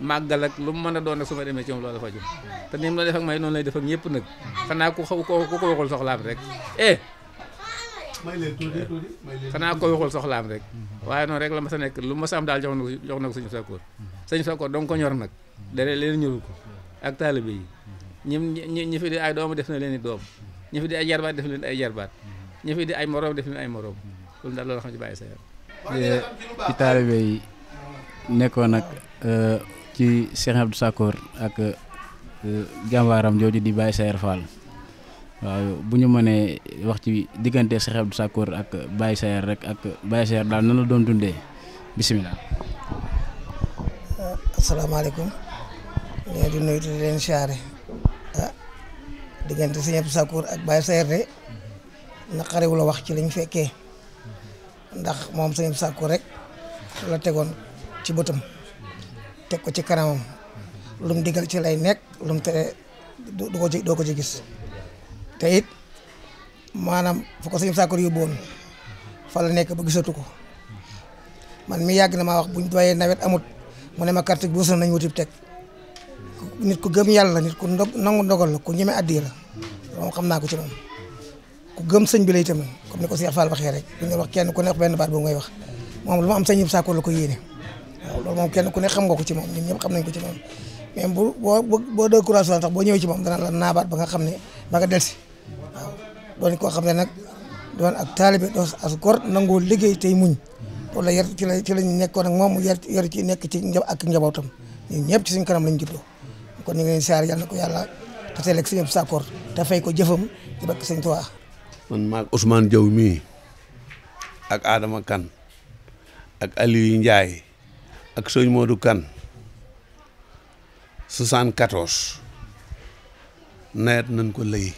màggal ak lu mu mën a doon rek ma demee ci moom loolu la fajoon te ni ak may noonu lay def ñëpp nag xanaa ku xaw ku ko waxul soxlaam rek
eh! xanaa ko waxul
soxlaam rek waaye noonu rek la ma sa nekk lu ma sa am daal jox na ko jox na sañu sëñ Sakkoor sëñ Sakkoor dong ko ñor nag dara leen ñorul ko ak taalibe yi ñim ñi fi di ay doomu def na leen i doom ñi fi di ay jarbaat def leen ay jarbaat ñi fi di ay moroom def leen ay moroom loolu daal loolu xam ci bàyyi sa yar
Eh,
ci taalibe yi nekkoon nag euh, ci Cheikh Abdou Sakor ak euh, jàmbaaram jooju di Baye Sayer Fall waaw bu ñu mënee wax ci diggante Cheikh Abdou Sakor ak Baye Sayer rek ak Baye Sayer daal nan la doon dundee bisimilah.
Euh, asalaamaaleykum ñu di nuyu di ah, ak Baye Sayer de naqariwu wax ci liñ fekkee. ndax moom sëñ sàkku rek la tegoon ci bëtam teg ko ci kanamam lu mu digal ci lay nekk lu mu tere ko doo ko ci gis te it maanaam fu ko sëñ sàkku yóbbu fa la nekk ba gisatu ko man mi yàgg na maa wax buñ doyee nawet amut mu ne ma carte bu sonn nañ wutib teg nit ku gëm yàlla nit ku nangu ndogal la ku ñeme addi la moom xam naa ko ci moom ku gëm sëñ bi la itam comme ni ko Cheikh rek bu ñu wax kenn ku ne benn baat boobu ngay wax ko yéene waaw kenn ku ne xam nga ko ci moom ñun ñëpp xam nañ ko ci moom même bu boo boo dee boo ñëwee ci moom dana la naabaat ba nga xam ne ba nga delsi waaw doon koo xam ne nag doon ak taalibe doon as gor nangoo liggéey tey muñ loolu la ci la ci lañ nekkoon ak moom yar nekk ci ak njabootam ñun ñëpp ci suñ kanam lañ juddoo kon ñu ngi leen siyaar yàlla na ko yàlla te teel ak sëñ Ibou Sakkour te fay ko jëfam ci bakk sëñ Tuubaa
man maag Ousmane Diaw mii ak Adama kan ak Aliou njaay ak sëñ kan Kane 74 nawet nañ ko lëy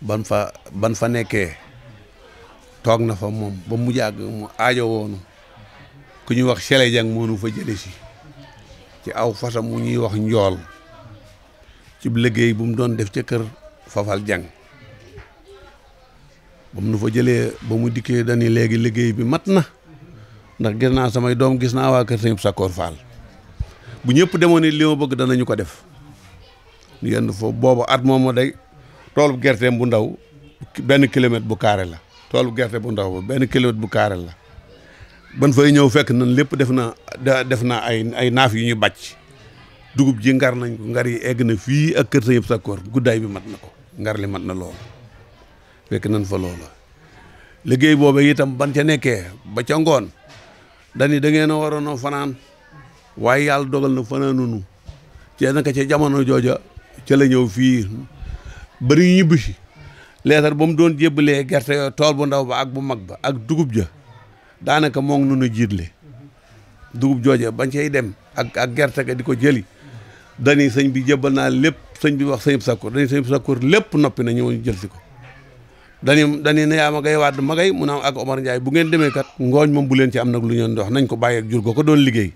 ban fa ban fa nekkee toog na fa moom ba mu jàgg mu aajo woonu ku ñuy wax Sele Jang moo fa jële ci aw fasam mu ñuy wax njool ci liggéey bu mu doon def ca kër Fafal Jang ba mu nu fa jëlee ba mu dikkee dañuy léegi liggéey bi mat na ndax gis naa samay doom gis naa waa kër sëñ Sakkoor Fall bu ñëpp demoon ni li ma bëgg danañu ko def ñu yenn foofu boobu at moom day toolu gerte bu ndaw benn kilomètre bu carré la toolu gerte bu ndaw ba benn kilomètre bu carré la ban fay ñëw fekk nan lépp def na def na ay ay naaf yu ñuy bàcc dugub ji ngar nañ ko ngar yi egg na fii ak kër sëñ Sakkoor guddaay bi mat na ko ngar li mat na lool. fekk nañ fa loola liggéey boobu itam ban ca nekkee ba ca ngoon dani da ngeen a waroon a fanaan waaye yàlla dogal na nunu cee naka ca jamono jooja ca la ñëw fii bëri ñibbi si leetar ba mu doon jébbalee gerte yooyu tool bu ndaw ba ak bu mag ba ak dugub ja daanaka moo ngi nu jiitle dugub jooja bañ cay dem ak ak gerte ga di ko jëli dani sëñ bi jébbal naa lépp sëñ bi wax sëñ bi sakkur dani sëñ bi sakkur lépp noppi na ñëw jël si ko dañu dañu ne yaa ma gay wàdd ma gay mu ne ak Omar Ndiaye bu ngeen demee kat ngooñ moom bu leen ci am nag lu ñu doon wax nañ ko bàyyi ak jur ko ko doon liggéey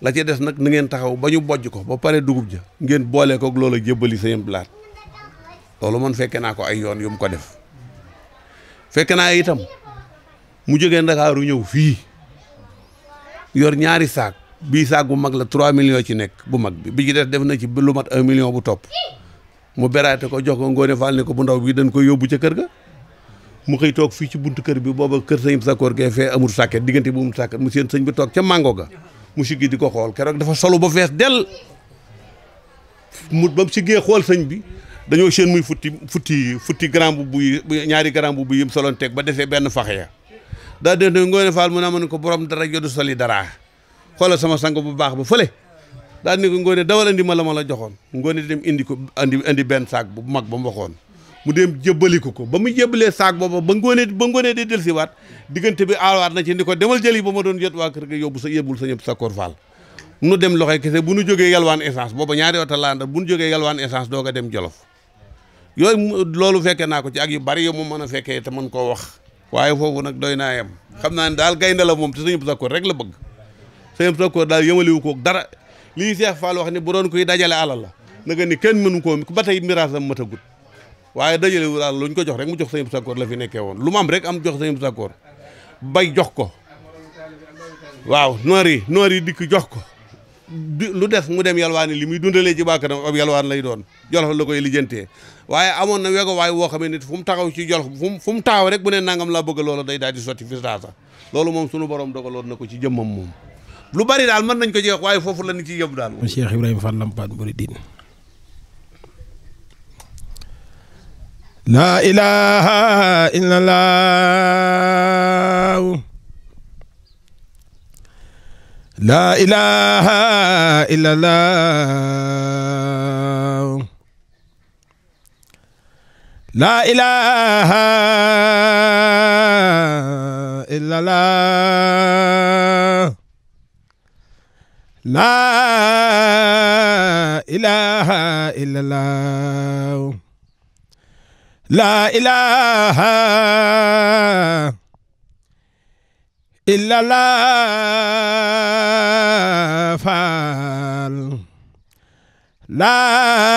la ci des nag na ngeen taxaw ba ñu bojj ko ba pare dugub ja ngeen boole ko ak loola jébbali seen blaat loolu man fekke naa ko ay yoon yu mu ko def fekke naa itam mu jógee Ndakaaru ñëw fii yor ñaari saak bii saak bu mag la 3 millions ci nekk bu mag bi bi ci des def na ci lu mat ay million bu topp. mu beraate ko jox ko Ngoné Fall ko bu ndaw bii dañ koy yóbbu ca kër ga mu xëy toog fii ci buntu kër bi booba kër sëñ Sakoor gee fee amul sàkket diggante bu mu sàkket mu seen sëñ bi toog ca màngo ga mu siggi di ko xool keroog dafa solo ba fees dell ba mu siggee xool sëñ bi dañoo seen muy futti futti futti grand bu buy ñaari grand bu buy yim soloon teg ba defee benn fax ya daa def ne Ngoné Fall mu ne ne ko borom dara jodu soli dara xoolal sama sang bu baax ba fële daal ni ko ngoone dawal andi ma la ma la joxoon ngoone dem indi ko andi benn saak bu mag ba mu waxoon mu dem jébbali ko ba mu jébbalee saak booba ba ngoone ba ngoone di delsiwaat diggante bi aawaat na ci ni ko demal jëli ba ma doon jot waa kër ga yóbbu sa yóbbul sa ñëpp sa koor faal nu dem loxoy kese bu nu jógee yalwaan essence booba ñaari oto laa àndal bu nu jógee yalwaan essence doog a dem jolof yooyu loolu fekkee naa ko ci ak yu bari yu mu mën a fekkee te mën koo wax waaye foofu nag doy naa yem xam naa ne daal gaynde la moom te sa ñëpp sa rek la bëgg sa ñëpp sa dara lii Cheikh Fall wax ni bu doon koy dajale alal la na ni kenn mënu koo ba tey miraas am mat a gudd waaye dajale wu daal luñ ko jox rek mu jox sëñ Abdou Sakor la fi nekkee woon lu mu am rek jox sëñ Abdou Sakor bay jox ko waaw noor yi noor yi dikk jox ko lu des mu dem yalwaani li muy dundalee ci bàkkanam ab yalwaan lay doon jolof la koy lijjantee waaye amoon na wego waay woo xam ne nit fu mu taxaw ci jolof fu mu fu mu taxaw rek bu ne nangam laa bëgg loola day daal di sotti fi saasa loolu moom sunu borom dogaloon na ko ci jëmmam moom lu bari daal mën nañ ko ci wax waaye foofu la ñu ciy yóbbu daal. Cheikh Ibrahima Fall Lamp Mouridine.
laa ilaaha illallah. laa ilaaha laa ilaaha illallah laa ilaaha illallah faal laa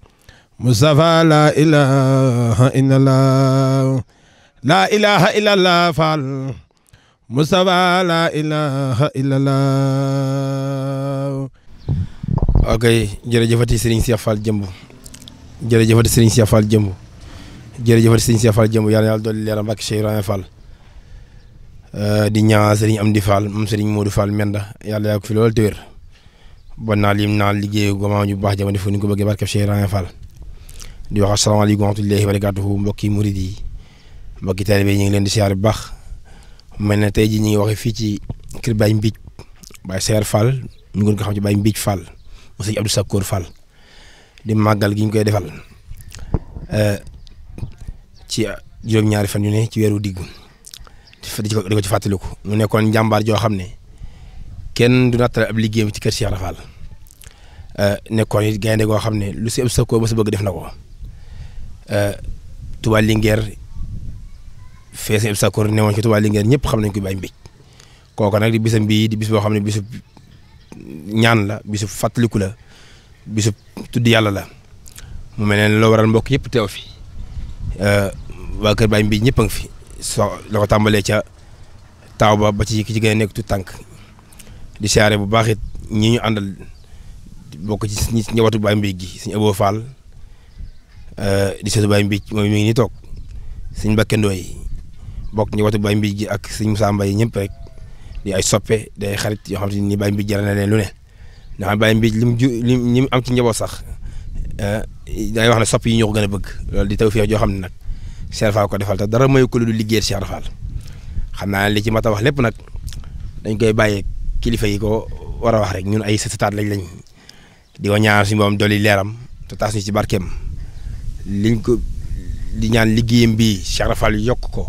Mustafa laa ilaaha illallah laa ilaaha illallah faal Mustafa laa ilaaha illallah.
ok jërëjëfati Serigne Cheikh Fall Jëmb jërëjëfati Serigne Cheikh Fall Jëmb jërëjëfati Serigne Cheikh Fall Jëmb yàlla na yàlla dolli leeram ak euh, Amdi Fall moom Serigne Modou Fall Menda yàlla yaa ko fi lool naal ba naal lim naa liggéeyu baax jamono fu ñu ko bëggee barke Cheikh Ibrahima di wax asalaamaaleykum wa rahmatullahi wa barakatuhu mbokki murid mbokki taalibe yi ñu ngi leen di siyaar bu baax mel na tey ji ñu ngi waxe fii ci kër Baye Mbij Baye Seer Fall ñu gën ko ci Baye Mbij Fall mu sëñ di màggal gi koy defal eh, ci juróom-ñaari fan yu ne ci weeru digg di ko ci fàttaliku mu nekkoon njàmbaar joo xam ne kenn du nattale ab liggéeyam ci kër Cheikh Rafal eh, nekkoon gaynde goo xam ne lu si Abdou Sakkoor mos a bëgg def na ko Touba Linguère fee sëñ Abdou Sakor newoon ci Touba Linguère ñëpp xam nañ ko Baye Mbéj kooku nag di bisam bii di bis boo xam ne bisu ñaan la bisu fàttaliku la bisu tudd yàlla la mu mel ne loo waral mbokk yëpp teew fi waa kër Baye Mbéj ñëpp a ngi fi soo loo ko tàmbalee ca taaw ba ba ci ki ci gën a nekk tu tànk di siyaare bu baax it ñu àndal bokk ci ñi njabootu Baye Mbéj gi suñu Abo Fall. Eh, di seetu Baye Mbicc moom mi ngi nii toog sëñ Mbakke Ndooy bokk ñu watu Baye Mbicc gi ak sëñ Moussa Mbaye ñëpp rek di ay soppe day xarit yoo xam te ni Baye Mbicc jaral na leen lu ne ndax Baye Mbicc lim ju lim am ci njaboot sax eh, day wax ne sopp yi ñoo gën a bëgg loolu di tawfeex joo xam ne nag Cheikh Fall ko defal te dara mayu ko lu liggéeyal Cheikh Fall xam naa li ci mat a wax lépp nag dañ koy bàyyee kilifa yi ko war a wax rek ñun ay sëtaat lañ lañ di ko ñaanal suñu moom dolli leeram te taas ñu ci barkeem. liñ di ñaan liggéeyam bi Cheikh Rafal yokk ko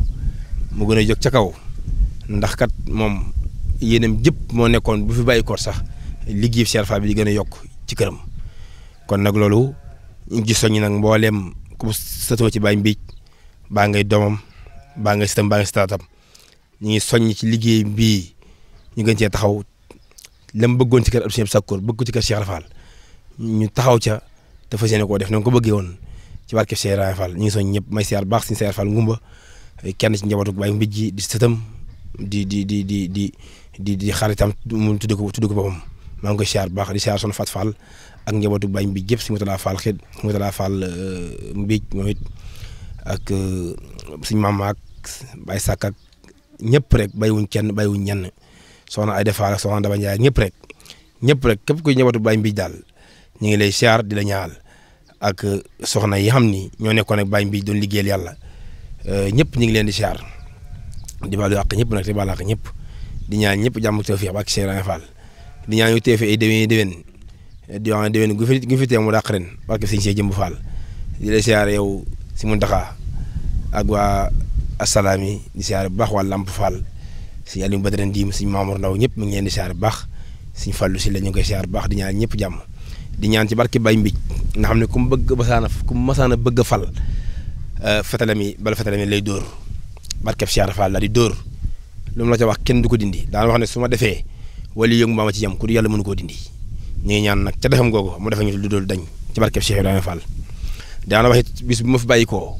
mu gën a jog ca kaw ndax kat moom yéenam jëpp moo nekkoon bu fi bàyyi ko sax liggéey Cheikh Rafal bi di gën a yokk ci këram kon nag loolu ñu ci soññ nag mbooleem ku sëtoo ci Baye Mbéthio baa ngay doomam baa ngay sëtam baa ngay sëtaatam ñu ngi soññ ci liggéey bii ñu gën cee taxaw lam bëggoon ci kër ab Sëñ Sakkoor bëgg ko ci kër Cheikh Rafal ñu taxaw ca te fas yéene koo def na ko bëggee woon ci barke Cheikh Ibrahima Fall ñu ngi soñ ñëpp may siyaar baax suñu Cheikh Fall ngumba kenn ci njabootu Baye Mbijji di sëtam di di di di di di di xaritam mu tudde ko ko boppam maa ngi koy siyaar baax di siyaar son Fat Fall ak njabootu Baye Mbij yëpp si Moutala Fall xit si Moutala Fall euh, Mbij moom it ak euh, suñu maam ak Baye Sakk ak ñëpp rek bàyyiwuñ kenn bàyyiwuñ ñenn soxna Aïda Fall soxna Daba Ndiaye ñëpp rek ñëpp rek képp koy njabootu Baye Mbij daal ñu ngi lay siyaar di la ñaal ak soxna yi xam ni ñoo nekkoon ak bàyyi bi doon liggéeyal yàlla euh, ñëpp ñu ngi leen di siyaar di baalu àq ñëpp nag di baalu àq ñëpp di ñaan ñëpp jàmm tawfiix ak Cheikh Ibra Fall di ñaan yu teefe ay déwén déwén di wax déwén gu fi di siyaar ak waa asalaami di siyaar bu baax waa Lamp Fall si Aliou Badara Ndiim si Mamour Ndaw ñëpp mu ngi leen di siyaar bu baax suñ Fallou si la ñu ngi koy siyaar bu baax di ñaan ñëpp jàmm di ñaan ci barki bay mbij nga xam ne ku mu bëgg masaana ku mu masaana bëgg a fal euh, mi bala fetale mi lay dóor barkeb Cheikh Fall la di dóor lu mu la ca wax kenn du ko dindi daan wax ne su ma defee wala yëngu ma ma ci yem ku du yàlla mënu koo dindi ñu ngi ñaan nag ca defam googu mu defe ñu lu dul dañ ci barkeb Cheikh daana wax it bis bu ma fi bàyyi koo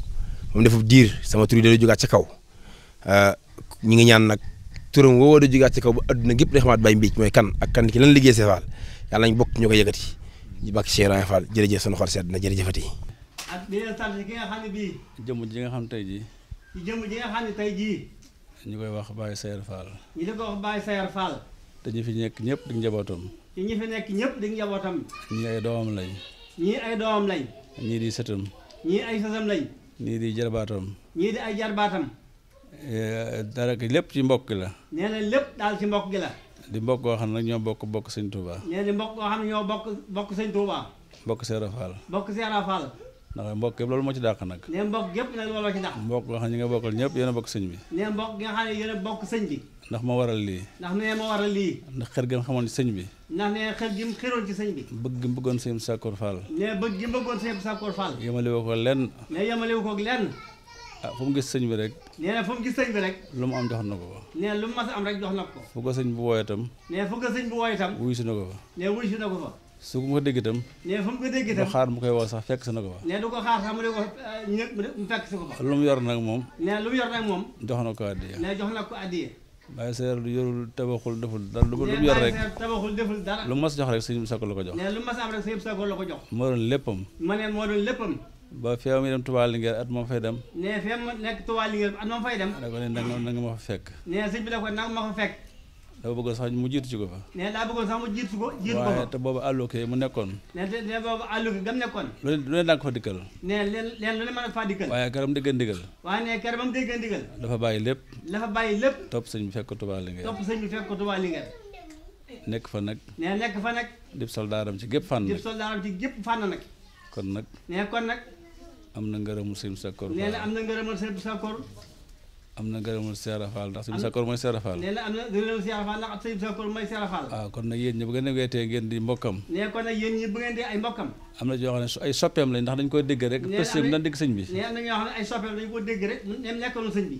moom dafa diir sama tur yi dala jógaat ca kaw euh, ñu ngi ñaan nag turam woowoo da jógaat ca kaw ba adduna gépp day xamaat Baye Mbéthio mooy kan ak kan ki lan liggéey Cheikh Fall yàlla bokk ñoo ko yëkkati ñu bàkk Cheikh Ibrahima Fall jërëjëf sunu xol sedd na jërëjëfati.
ak di leen sant ki nga xam ne bii.
jëmm ji nga xam tey jii.
jëmm ji nga xam tey jii.
ñu koy wax Baye Sayer Fall.
ñu di ko wax Baye Sayer Fall.
te fi nekk ñëpp di njabootam.
te ñi fi nekk ñëpp di njabootam.
ñii ay doomam lañ. ñii ay doomam lañ. ñii di sëtam. ñii ay sëtam lañ. ñii di jarbaatam.
ñii di ay jarbaatam.
Eh, dara lépp ci mbokk la.
nee na lépp daal ci mbokk gi la.
di mbokk goo xam ne nag ñoo bokk bokk sëñ Touba.
nee di mbokk bokk bokk sëñ Touba.
bokk Seera Fall.
bokk Seera Fall.
moo ci dàq nag. nee mbokk yëpp nag loolu moo ci dàq. mbokk goo xam ne ñi nga bokkal ñëpp yéen a bokk sëñ bi. nee mbokk gi nga xam ne yéen a bokk sëñ bi. ndax ma waral lii. ndax nee ma waral lii. ndax xër gi xamoon sëñ bi.
ndax nee xër gi mu xëroon ci sëñ bi. bëgg
gi bëggoon sëñ Sakkoor Fall.
nee bëgg gi bëggoon sëñ Sakkoor Fall.
yemale ko lenn.
nee yemale ko lenn
ah fu mu gis sëñ bi rek. nee na fu mu gis sëñ bi rek. lu mu am jox na ko ko.
nee na lu mu mas am rek jox na ko.
fu ko bu wooyee itam.
nee fu ko sëñ bu wooyee itam. si na ko fa. nee ko fa.
su ko dégg itam. nee fu mu koy woo sax fekk si na ko fa.
nee du ko xaar sax mu ne eh,
lu mu yor nag moom.
nee lu mu moom.
jox na ko addiya.
jox na ko addiya.
bàyyi lu yorul tabaxul deful dara lu mu yor rek
tabaxul lu
mas jox rek sëñ bi sakko la ko jox
nee lu mas am rek sëñ la ko jox
moo doon léppam
ma neen moo doon léppam
ba feew mi dem Touba Linguère at moom fay dem
ne feew mu nekk Touba Linguère at da ko ne nanga nanga ma da ko nanga ma fa
fekk dafa bëggoon sax mu jiitu ci ko fa
ne daa bëggoon sax mu jiitu fa
te boobu àlluke fa dikkal
ne leen leen lu ne a faa dikkal
waaye keroog dégg ndigal
waaye ne nekk fa nekk
fa soldaaram ci gépp fànn
dib
kon nag ne kon nag am na ngërëmu sëñ Sakor. nee na
am na ngërëmal sëñ Sakor.
am na ngërëmal Seera ndax sëñ Sakor mooy mooy
Seera waaw
kon nag yéen ñi bu ngeen di weetee ngeen di mbokkam.
nee kon nag yéen ñi bu ngeen di ay mbokkam.
am na ñoo xam ne ay soppeem lañ ndax dañ koy dégg rek. nee na am na bi.
nee am na ñoo xam ne ay soppeem dañ ko dégg rek ñoom nekkoon sëñ bi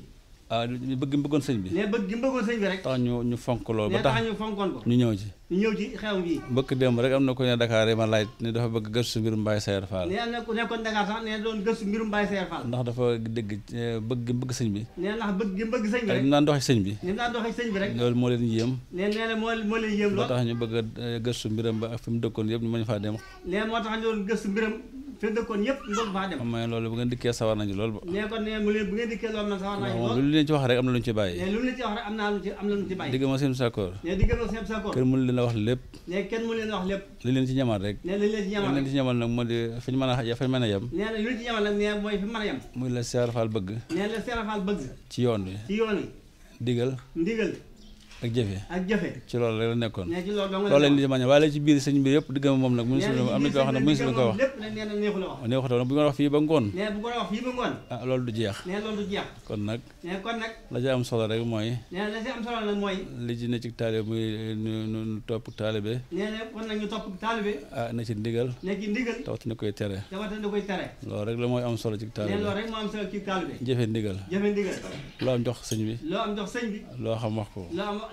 ah bëgg bëggoon sëñ bi. nee
bëgg gi bëggoon sëñ bi rek.
tax ñu ñu fonk ba tax ñu bi. bëgg démb rek am na ku ne Dakar yi ma laaj ne dafa bëgg gëstu mbirum Mbaye Sayer Fall. nee
na ku nekkoon Dakar eh, bi. nee ndax
bëgg gi bëgg sëñ bi
rek. daan doxee sëñ bi. ñu bi
rek. loolu tax ñu bëgg eh, gëstu mbiram ba ak fi mu dëkkoon yëpp ñu mën faa dem.
nee moo tax ñu doon gëstu mbiram te dëkkoon yëpp nga faa dem
mais loolu bu ngeen dikkee sawar nañu lool ba
ne kon ne mu leen bu ngeen dikkee loolu nag sawar nañu lool
lu leen ci wax rek am na lu leen
ci wax rek am na lu ci ci bàyyi digg kenn
mënu leen a wax lépp
ne kenn mënu leen a wax lépp
li leen ci ñamal rek
ne leen ci
ñamal nag moo di fañ mën a fañ mën a yem
nee na lu ci ñamal nag mooy fi mën a yem
muy la seerafaal bëgg
ne la seerafaal bëgg
ci yoon wi ci yoon wi digal ak jafe ak jafe ci loolu rek la nekkoon loolu lañ di maña waaye la ci biir sëñ bi yëpp diggam moom nag mënu suñu am na koo xam ne mënu suñu ko wax neexuta woon bu ñu wax fii ba ngoon ah loolu du jeex kon nag la ci am solo rek mooy li ci ne ci taalibe muy nu topp taalibe ah na ci ndigal tawat na koy tere
loolu
rek la mooy am solo ci taalibe jëfe ndigal loo am jox sëñ bi loo xam wax ko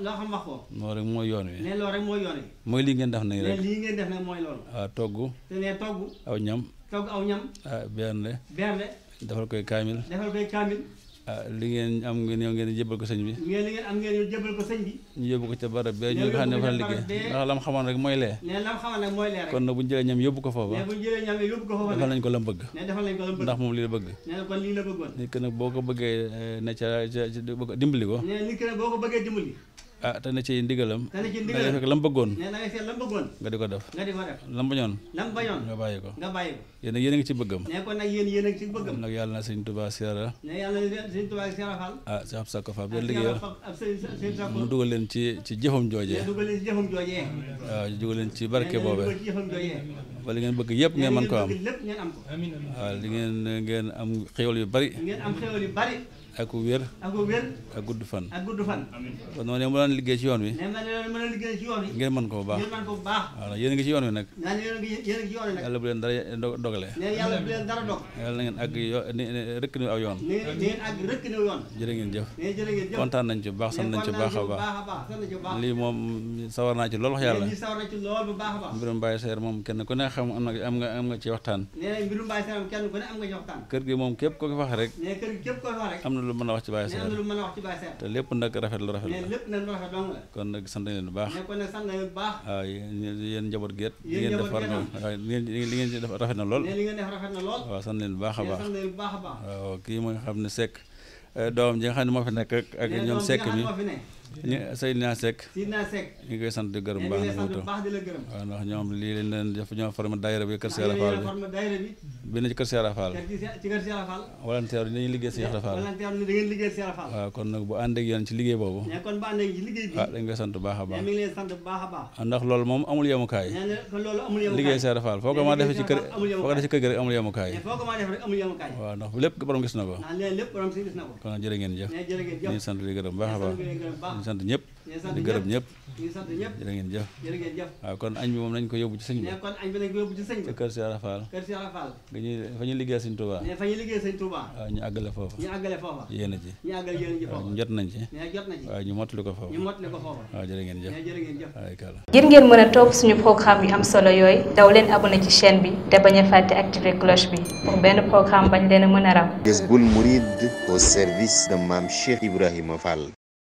loo xam wax ko. loolu rek mooy yoon wi.
ne mooy yoon wi.
mooy lii ngeen def nag rek ah, ne
lii ngeen def nag ñam. togg aw ñam.
ah bernde. kaamil. defal
koy
ah, am ngeen yow ngeen jëbal ko sëñ bi.
ngeen li
ngeen ko ca barab bee ñu xam ne fa xamoon rek mooy lee.
ne ko
foofa. ne ñam yóbbu ko foofa defal nañ ko bëgg. ko lam
bëgg
ndax moom lii la bëgg. ne kon lii la bëggoon. nit ki boo ko bëggee eh, ne ca ca dimbali ko.
ne nit ki boo ko bëggee dimbali.
ah na ci ndigalam. ndigalam nga la mu bëggoon. di ko def. nga di ko nga
bàyyi ko. nga bàyyi
a ngi ci bëggam.
ne nag
yàlla na sëñ Tuubaa seera. ne yàlla ah si ab sakko Fall bi ah, liggéeyal mu dugal leen ci ci jëfam joojee. dugal
leen ci jëfam ah, leen ci barke boobee. ba li ngeen bëgg yëpp ngeen man ko am. waaw ah, li
ngeen ngeen am xéwal yu bari.
ngeen am xéwal yu bari.
ak wér. ak wér. ak gudd fan.
ak gudd fan. kon
noonu mu doon liggéey ci yoon wi.
liggéey
ngeen mën ko bu baax ngeen mën a ngi ci yoon wi nag.
yàlla
bu leen dara dogale. nee yàlla bu leen dara dog. yàlla na ngeen àgg yo rëkk ni aw yoon. ni
ngeen àgg rëkk ni yoon.
jërë
kontaan nañ ci baax. sant nañ ci bu baax a baax lii
moom sawar naa ci lool wax yàlla. lii sawar mbirum Baye Seer moom kenn ku ne xam am nga am nga am nga ci waxtaan.
am nga ci waxtaan.
kër gi moom képp ko ko rek.
nee kër gi képp ko wax
rek. lu mën a wax ci Baye Seer lu a te lépp nag rafet lu rafet la rafet kon nag sant nañ leen bu baax kon nag waaw yéen njaboot gi li ngeen def def rafet na lool li ngeen def waaw sant nañ bu baax a baax
baax a baax waaw
kii ma nga xam ne Seck eh, doom ji nga xam ne moo fi nekk ak ñoom sekk mi ñu Seydina Seck Seydina Seck ñu ngi koy sant di gërëm baax na gërëm lii leen leen def ñoo forme daayira bi kër Seera Fall
bi
bi na ci kër Seera Fall ci kër Seera liggéey si
Seera
Fall kon nag bu ànd ak ci liggéey boobu
kon bu ànd ak ci ah,
koy sant baax a
baax
ah, ndax loolu moom amul yemukaay
liggéey Seera Fall foo ko defee ci kër
foo ko defee amul yemukaay
waaw ndax
lépp borom gis na ko kon jërë ngeen jëf ñu sant di gërëm baax a baax sant ñëpp di gërëm ñëpp
jërë ngeen jëf
waaw kon añ bi moom nañ ko yóbbu ci sëñ bi
kon añ bi nañ ko yóbbu ci sëñ bi
kër Cheikh Rafal kër Cheikh Rafal ga ñuy fa ñuy liggéey sëñ Touba
fa ñuy liggéey sëñ Touba
waaw ñu àggale foofa ñu àggale foofa yéen a ci
ñu
àggale mën a topp suñu programme yu am solo yooyu daw leen abonné ci chaîne bi te bañ a fàtte activer cloche bi benn programme bañ leen a mën a raw
Jazboul
Mouride au service de Mame Cheikh Ibrahima Fall